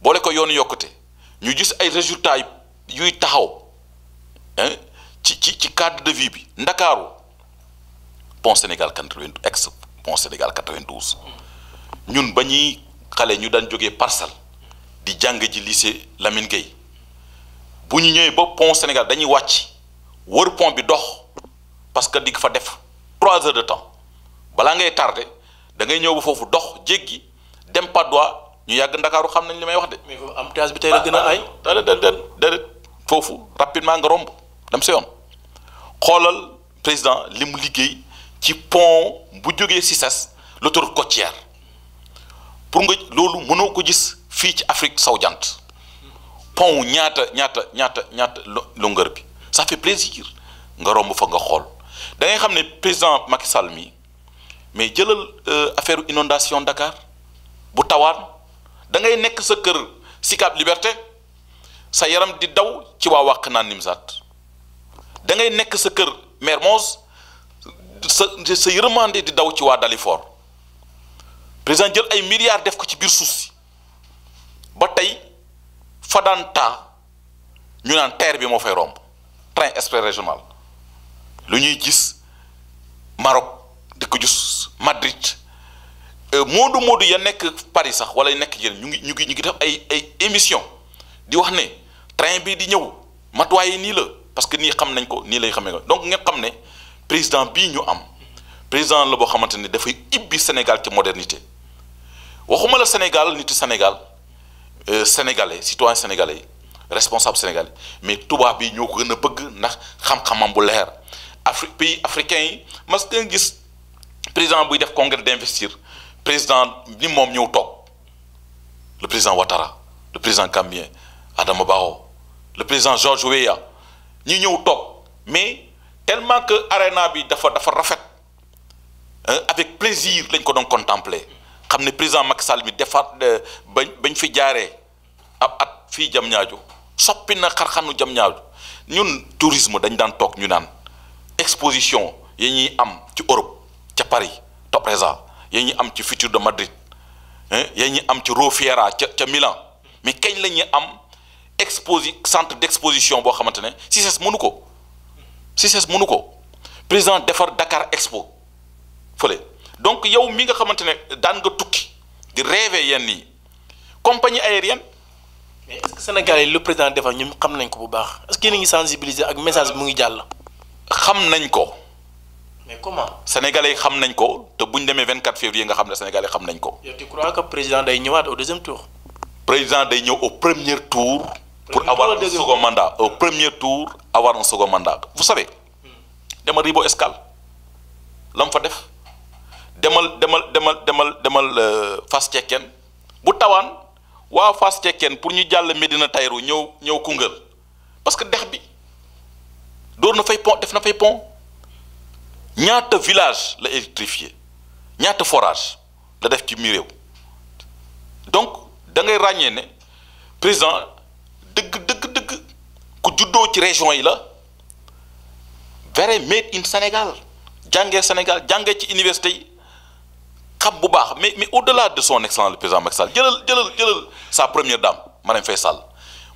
S2: boole ko yoonu yokkute ñu gis ay résultat yuy taxaw ci ci ci cadre de vie bi ndakaaru pont Sénégal 92 ex pont Sénégal 92 ñun ba ñuy xale ñu daan jóge Parcelles di jàng ji lycée Lamine Gueye bu ñu ñëwee ba pont Sénégal dañuy wàcc wër pont bi dox parce que di fa def trois heures de temps balaa ngay tardé da ngay ñëw ba foofu dox jéggi dem Padois ñu yàgg ndakaaru xam nañ li may wax de. mais am bi tey la gën a ah, ay. Ah, foofu rapidement nga romb dem sa xoolal président li mu liggéey ci pont bu jógee si sas l'autoroute côtière pour nga loolu mënoo ko gis fii ci Afrique sowu jant pont wu ñaata ñaata ñaata ñaata longueur bi ça fait plaisir nga romb fa nga xool da ngay xam ne président Macky Sall mi mais jëlal euh, affaire inondation Dakar bu tawaan dangay nekk sa kër Sicap Liberté sa yaram di daw ci waa wàq naan nimsaat da nekk sa kër Mermoz sa sa yërmande di daw ci waa Dalifort président jël ay milliards def ko ci biir suuf si ba tey fa daan taa ñu naan terre bi moo fay romb train express régional lu ñuy gis Maroc di ko gis Madrid euh, moodu moodu ya nekk Paris sax wala nekk jën ñu ngi ñu ngi ñu ngi def ay ay émission di wax ne train bii di ñëw matuwaay yi nii la parce que nii xam nañ ko nii lay xamee ko donc nga xam ne président bii ñu am président la boo xamante ne dafay ibbi Sénégal ci modernité waxuma la Sénégal nitu Sénégal euh, sénégalais citoyen sénégalais responsable sénégalais mais tubaab bi ñoo ko gën a bëgg ndax xam-xamam bu leer Afrique pays africain yi mas nga gis président buy def congrès d'investir président ni moom ñëw toog le président Ouattara le président Gambien Adama Barrow le président George Weah ñi ñëw toog mais tellement que arena bi dafa dafa rafet avec plaisir lañ ko doon contempler xam ne président Macky Sall mi defaat euh, bañ bañ fi jaaree ab at fii jam ñaajo soppi na xarxanu jam ñaajo ñun tourisme dañ daan toog ñu naan exposition yi ñuy am ci Europe ca Paris Topresa yi ñuy am ci Futur de Madrid yi ñuy am ci Rofiera ca ca Milan mais kañ la am exposi centre d' exposition boo xamante ne CICES mënu ko CICES mënu ko président defar Dakar Expo fële donc yow mi nga xamante ne daan nga tukki di rêver yenn yi compagnie aérienne.
S1: mais est que Sénégal yi le président defar ñoom xam nañ ko bu baax est ce que ngi sensibiliser ak message mu ngi jàll. xam nañ ko. mais comment. sénégalais yi xam nañ ko te bu ñu demee
S2: 24 février nga xam ne sénégalais xam nañ ko. yow tu crois que président day ñëwaat au deuxième tour. président day ñëw au premier tour. pour avoir un second mandat au premier tour avoir un second mandat vous savez demal Ribo Escale la fa def demal demal demal demal demal euh, Fass bu tawaan waa Fass Cekkeen pour ñu jàll Medina Tayru ñëw ñëw Koungheul parce que dex bi door na fay pont def na fay pont ñaata village la électrifié ñaata forage la def ci mi réew donc da ràññee ne président dëgg dëgg dëgg ku juddoo ci région yi la vrai made in Sénégal jàngee Sénégal jàngee ci université yi xam bu baax mais mais au-delà de son excellence le président Macky Sall jëlal jëlal jëlal sa première dame Marème Faye Sall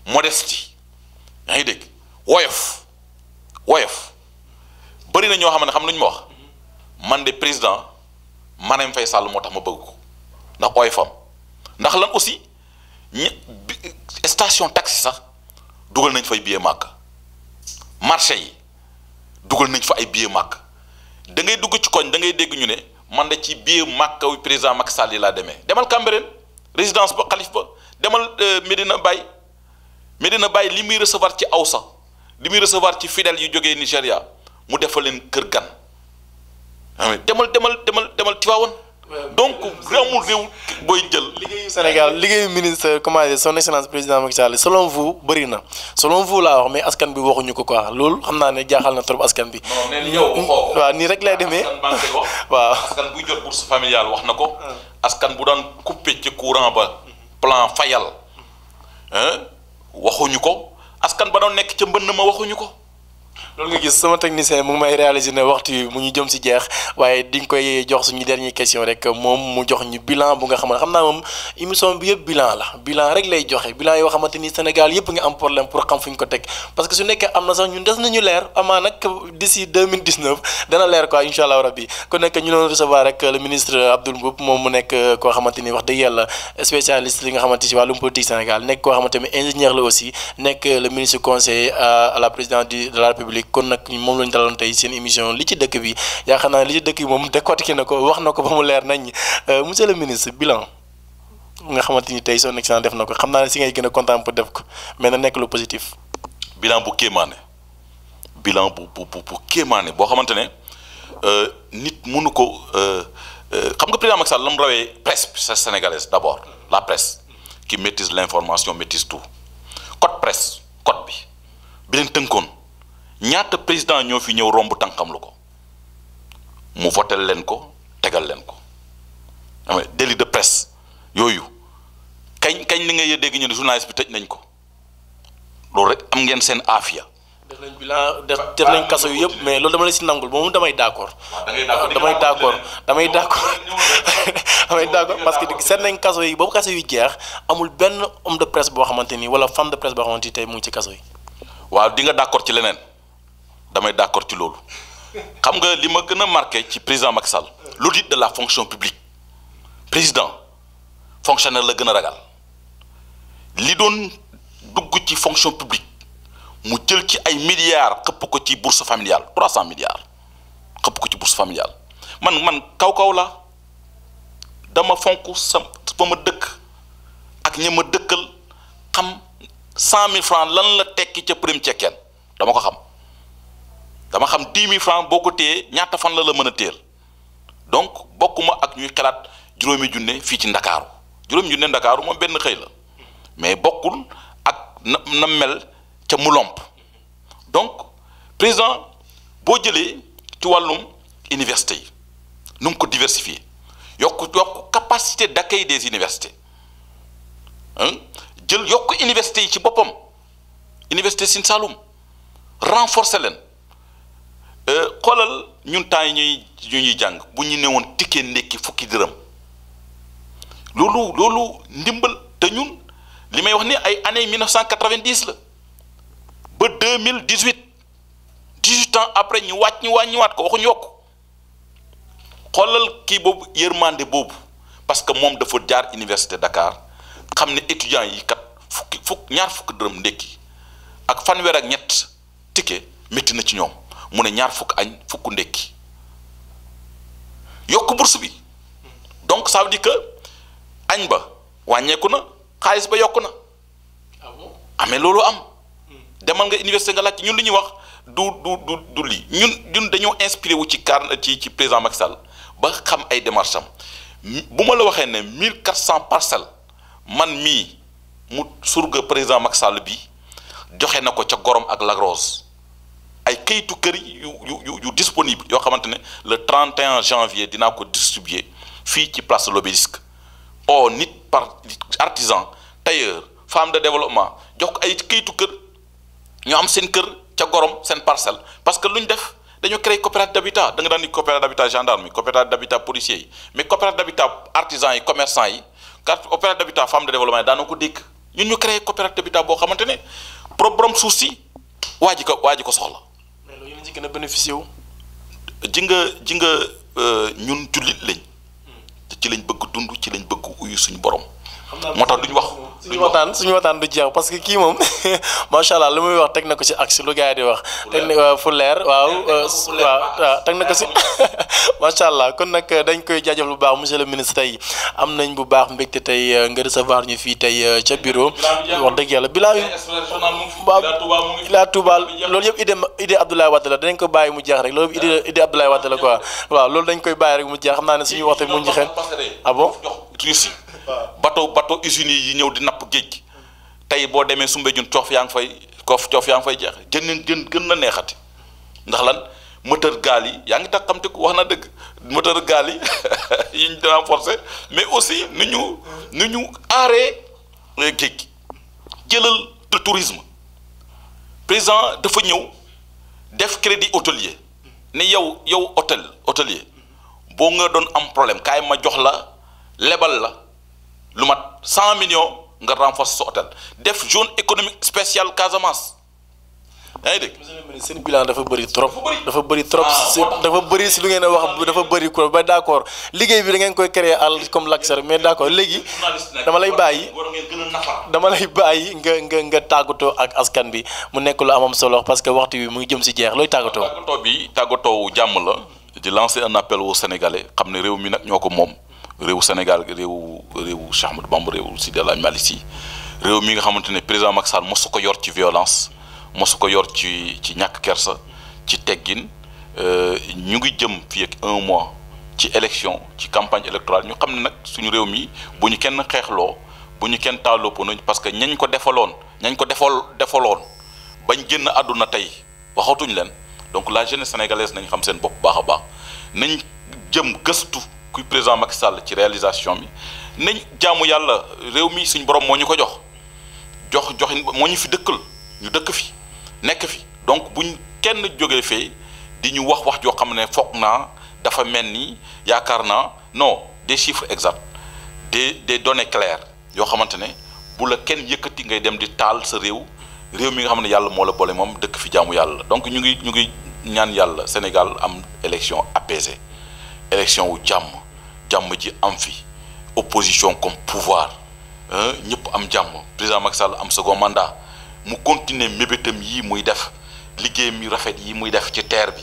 S2: modestie yaa ngi dégg woyof woyof bëri na ñoo xam ne xam lu ñu de président Marème Sall moo tax ma bëgg ko ndax woyofam ndax lan aussi station taxi sax dugal nañ fay billet màkk marché yi dugal nañ fa ay billet màkk da ngay dugg ci koñ da ngay dégg ñu ne man de ci billet màkk wu président Macky Sall yi laa demee demal Cambérène résidence ba xalif ba demal euh, Medina Baye Medina Baye li muy recevoir ci aw sax li muy recevoir ci fidèles yu jógee Nigéria mu defal leen kër gan ah demal demal demal demal Tivaouane donc réew mu réew booy jël. liggéeyu
S1: Sénégal liggéeyu ministre commencé dire son président Macky Sall selon vous bëri na selon vous laa wax mais askan bi waxuñu ko quoi loolu xam naa ne jaaxal na trop askan bi. waaw nii rek lay demee. (laughs) waaw
S2: askan buy jot bourse familiale wax na ko. Ah. askan bu daan coupé ci courant ba. plan fayal.
S1: waxuñu ko askan ba doon nekk ca mbënn ma waxuñu ko. loolu nga gis sama technicien mu ngi may réaliser ne waxtu yi mu ñu jëm si jeex waaye di nga koy jox suñu dernier question rek moom mu jox ñu bilan bu nga xam ne xam naa moom émission bi yëpp bilan la bilan rek lay joxe bilan yoo xamante ni Sénégal yëpp nga am problème pour xam fu ñu ko teg parce que su nekkee am na sax ñun des nañu leer amaa nag d'ici 2019 dana leer quoi incha allah rabbi ku nekk ñu doon recevoir rek xamante ni wax dëgg yàlla spécialiste li nga xamante si wàllum politique Sénégal nekk koo xamante ni ingénieur la aussi nekk le ministre conseiller à kon nag moom lañu daloon tey seen émission li ci dëkk bi yaakaar naa li ci dëkk bi moom décortiqué na ko wax na ko ba mu leer nañ euh, monsieur le ministre bilan nga xamante ni tey son excellence def na ko xam naa si ngay gën a content pour def ko mais na nekk lu positif.
S2: bu kéemaane bilan bu bu bu kéemaane boo xamante ne euh, nit mënu ko euh, xam nga président Macky Sall la mu rawee presse sénégalaise d'abord la presse qui maîtrise l'information maîtrise tout code presse cote bi bi leen tënkoon. ñaata président ñoo fi ñëw romb tànkam lu ko mu votel leen ko tegal leen ko xam nga de presse yooyu kañ kañ li nga dégg ñu ne journaliste bi tëj nañ ko loolu rek am ngeen seen aafiya.
S1: def nañ bilan def def nañ kaso yu yëpp mais loolu dama si nangul moom damay d'accord ah, damay d'accord damay (laughs) d'accord (laughs) damay d'accord parce que seet nañ kaso yi boobu kaso yu jeex amul benn homme de presse boo xamante ni wala femme de presse boo xamante ni tey mu ci kaso yi. waaw di nga d'accord ci leneen.
S2: damay d'accord ci loolu xam nga li ma gën a marqué ci président Macky Sall l'audit de la fonction publique président fonctionnaire la gën a ragal li doon dugg ci fonction publique mu jël ci ay milliards xëpp ko ci bourse familiale trois cent milliards xëpp ko ci bourse familiale man man kaw kaw la dama fonk sa ba ma dëkk ak ña ma dëkkal xam cent mille francs lan la tekki ca prime cekkeen dama ko xam dama xam dix mille francs boo ko téyee ñaata fan la la mën a téyel donc bokkuma ak ñuy xalaat juróomi junne fii ci ndakaaru juróomi junne ndakaaru moom benn xëy la mais bokkul ak na mel ca mu lomp donc président boo jëlee ci wàllum université yi nu ngi ko diversifier yokk yokk capacité d'accueil des universités jël yokk université yi ci boppam université Sine Saloum renforcer leen Euh, xoolal ñun temps yi ñuy ñu ñuy jàng bu ñu newoon tikkee ndékki fukki dërëm loolu loolu ndimbal te ñun li may wax ni ay années 1990 la ba 2018 18 ans après ñu wàcc ñu wàññiwaat ko waxuñu yokk xoolal kii boobu yërmande boobu parce que moom dafa jaar université Dakar xam ne étudiants yi kat fukki fukk ñaar fukki dërëm ndékki ak fanweer ak ñett ticket métti na ci ñoom. mu ne ñaar fukk añ fukk ndekki yokk bourse bi donc ça veut dire añ ba wàññeeku na xaalis ba yokk na. amee ah ah, loolu am. Hmm. demal nga université nga laaj ñun li ñuy wax du du du du ñun ñun dañoo inspiré wu ci car ci ci président Macky ba xam ay démarches am bu ma la waxee ne mille quatre cent parcelle man mii mu surga président Macky bi joxe na ko ca Gorom ak Lac ay kayitu kër yu yu yu yu disponible yoo xamante ne le 31 janvier dinaa ko distribuer fii ci place de oo nit par artisan tailleur femme de développement jox ko ay kayitu kër ñu am seen kër ca gorom seen parcelle parce que lu ñu def dañu créer coopérative d'habitat da nga daan ni coopérative d'habitat gendarme yi coopérative d'habitat policier yi mais coopérative d'habitat artisan yi commerçant yi coopérative d'habitat femme de développement yi daana ko dégg ñun ñu créer coopérative d'habitat boo ne pro borom suuf si waa ji ko waa ji ko soxla mais loolu yéen gën a bénéficié wu. ji nga ji nga euh, ñun jullit lañ. Hmm. ci lañ bëgg dundu ci lañ bëgg uyu suñu borom.
S1: moo tax duñ wax. suñu waxtaan suñu waxtaan du jeex parce que kii moom (laughs) macha allah lu muy wax teg na ko ci axe lu gars yi di wax. teg na fu leer waaw. waaw teg na ko si (laughs) macha allah kon nag euh, dañ koy jaajëf bu baax monsieur le ministre tey am nañ bu baax mbégte tey euh, nga recevoir ñu fii tey euh, ca bureau. wax dëgg yàlla bilaa. waaw bilaa Touba loolu yëpp idée idée Abdoulaye Wade la danañ ko bàyyi mu jeex rek loolu idée ah. idée Abdoulaye Wade la quoi (laughs) waaw loolu dañ koy bàyyi rek mu jeex xam naa ne suñu waxtu mu ngi xel ah bon. bateau bateau usines yi ñëw di napp géej gi
S2: tey boo demee Soumbédioune coof yaa ngi fay koof coof yaa ngi fay jeex gën jën gën na neexati ndax lan moteur gaal yaa ngi tax xam te ko wax na dëgg moteur gaali yi (laughs) yi ñu dana mais aussi nu ñu nu ñu aaree euh, géej gi jëlal de tourisme président dafa ñëw def crédit hôtelier ni yow yow hôtel hôtelier boo nga doon am problème kaay ma jox la lebal la lu mat cent million nga renforcer sa hôtel
S1: def zone économique spéciale Casamance. yaa ngi dégg monsieur le dafa bëri trop. dafa bari trop ah, dafa bëri si lu ngeen wax dafa bëri trop ba d' accord liggéey bi da ngeen koy créer àll comme Laxar mais d' accord léegi dama lay bàyyi dama lay bàyyi nga nga nga tàggatoo ak askan bi mu nekk lu amam solo parce que waxtu wi mu ngi jëm si jeex looy tàggatoo.
S2: tàggatoo bi tàggatoo jàmm la. di lancer un appel aux Sénégalais xam ne réew mi nag ñoo ko moom. réewu Sénégal réewu réewu Cheikh Ahmadou Bamba réewu Sidi réew mi nga xamante ne président Macky Sall mosu ko yor ci violence mosu ko yor ci ci ñàkk kersa ci teggin euh, ñu ngi jëm fii ak un mois ci élection ci campagne électorale ñu xam ne nag suñu réew mi bu ñu kenn xeexloo bu ñu kenn taaloppo nañ parce que ñañ ko defaloon ñañ ko defal defaloon bañ génn àdduna tey waxatuñ leen donc la jeune sénégalaise nañ xam seen bopp baax a baax nañ jëm gëstu. kuy président Macky Sall ci réalisation bi nañ jaamu yàlla réew mi suñ borom moo ñu ko jox jox joxin moo ñu fi dëkkal ñu dëkk fi nekk fi donc buñ kenn jógee fee di ñu wax wax joo xam ne foog naa dafa mel ni yaakaar naa non des chiffres exacts de des données claire yoo xamante ne bu la kenn yëkkati ngay dem di taal sa réew réew mi nga xam ne yàlla moo la boole moom dëkk fi jaamu yàlla donc ñu ngi ñu ngi ñaan yàlla Sénégal am élection apaisée élection wu jàmm jàmm ji am fi opposition comme pouvoir ñëpp am jàmm président Macky Sall am second mandat mu continuer mébétam yi muy def liggéeyam yu rafet yi muy def ci terre bi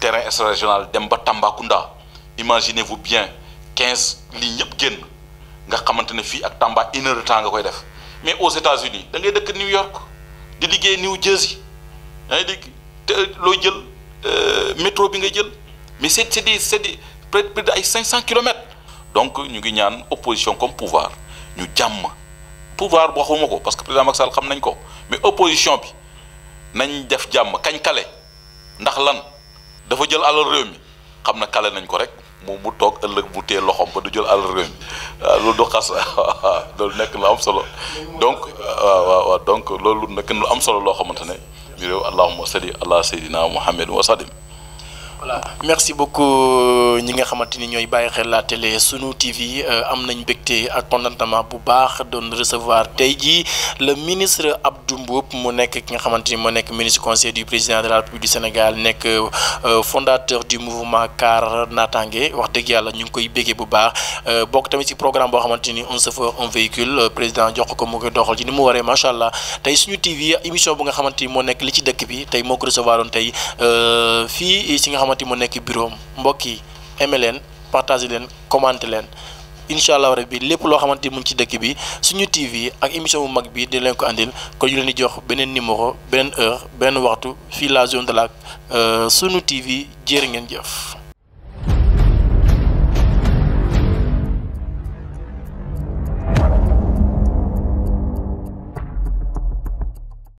S2: terrain extra dem ba Tambacounda imaginez-vous bien quinze lii ñëpp génn nga xamante ne fii ak Tamba une heure de nga koy def mais aux États-Unis da ngay dëkk New York di liggéey New Jersey yaa ngi dégg te looy jël euh, métro bi nga jël mais c'est c'est des c'est des près ay cinq cent 500 donc ñu ngi ñaan opposition comme pouvoir ñu jàmm pouvoir bu waxuma ko parce que président ak Sall xam nañ ko mais opposition bi nañ def jàmm kañ kale ndax lan dafa jël alal réew mi xam na kale nañ ko rek mu mu toog ëllëg bu téye loxoom ba du jël alal réew mi ah, loolu du xas (laughs) loolu nekk lu am solo donc ah, waaw waaw donc loolu nekk lu am solo loo xamante ne mi réew allahuma salli ala sayyidina muhammad wa sallim
S1: voilà merci beaucoup ñi nga xamante ni ñooy bàyyi xel la télé sunu TV euh, am nañ mbégte ak contentement bu baax doon recevoir tey jii le ministre Abdou Mboup mu nekk ki nga xamante ni moo nekk ministre conseiller du président de la République du Sénégal nekk euh, fondateur du mouvement CAR Natangué wax dëgg yàlla ñu ngi koy béggee bu baax euh, bokk tamit ci programme boo xamante ni un chauffeur un véhicule président jox ko mu koy doxal ci ni mu waree macha allah tey sunu TV émission bu nga xamante ni moo nekk li ci dëkk bi tey moo ko recevoir oon tey xamante mu nekk bureau am mbokk yi aimé leen partagé leen commenté leen incha allah rabbi lépp loo xamante mu ngi ci dëkk bi suñu TV ak émission bu mag bi di leen ko andil kon ñu leen di jox beneen numéro beneen heure beneen waxtu fii la zone de la euh, sunu TV jërë ngeen jëf.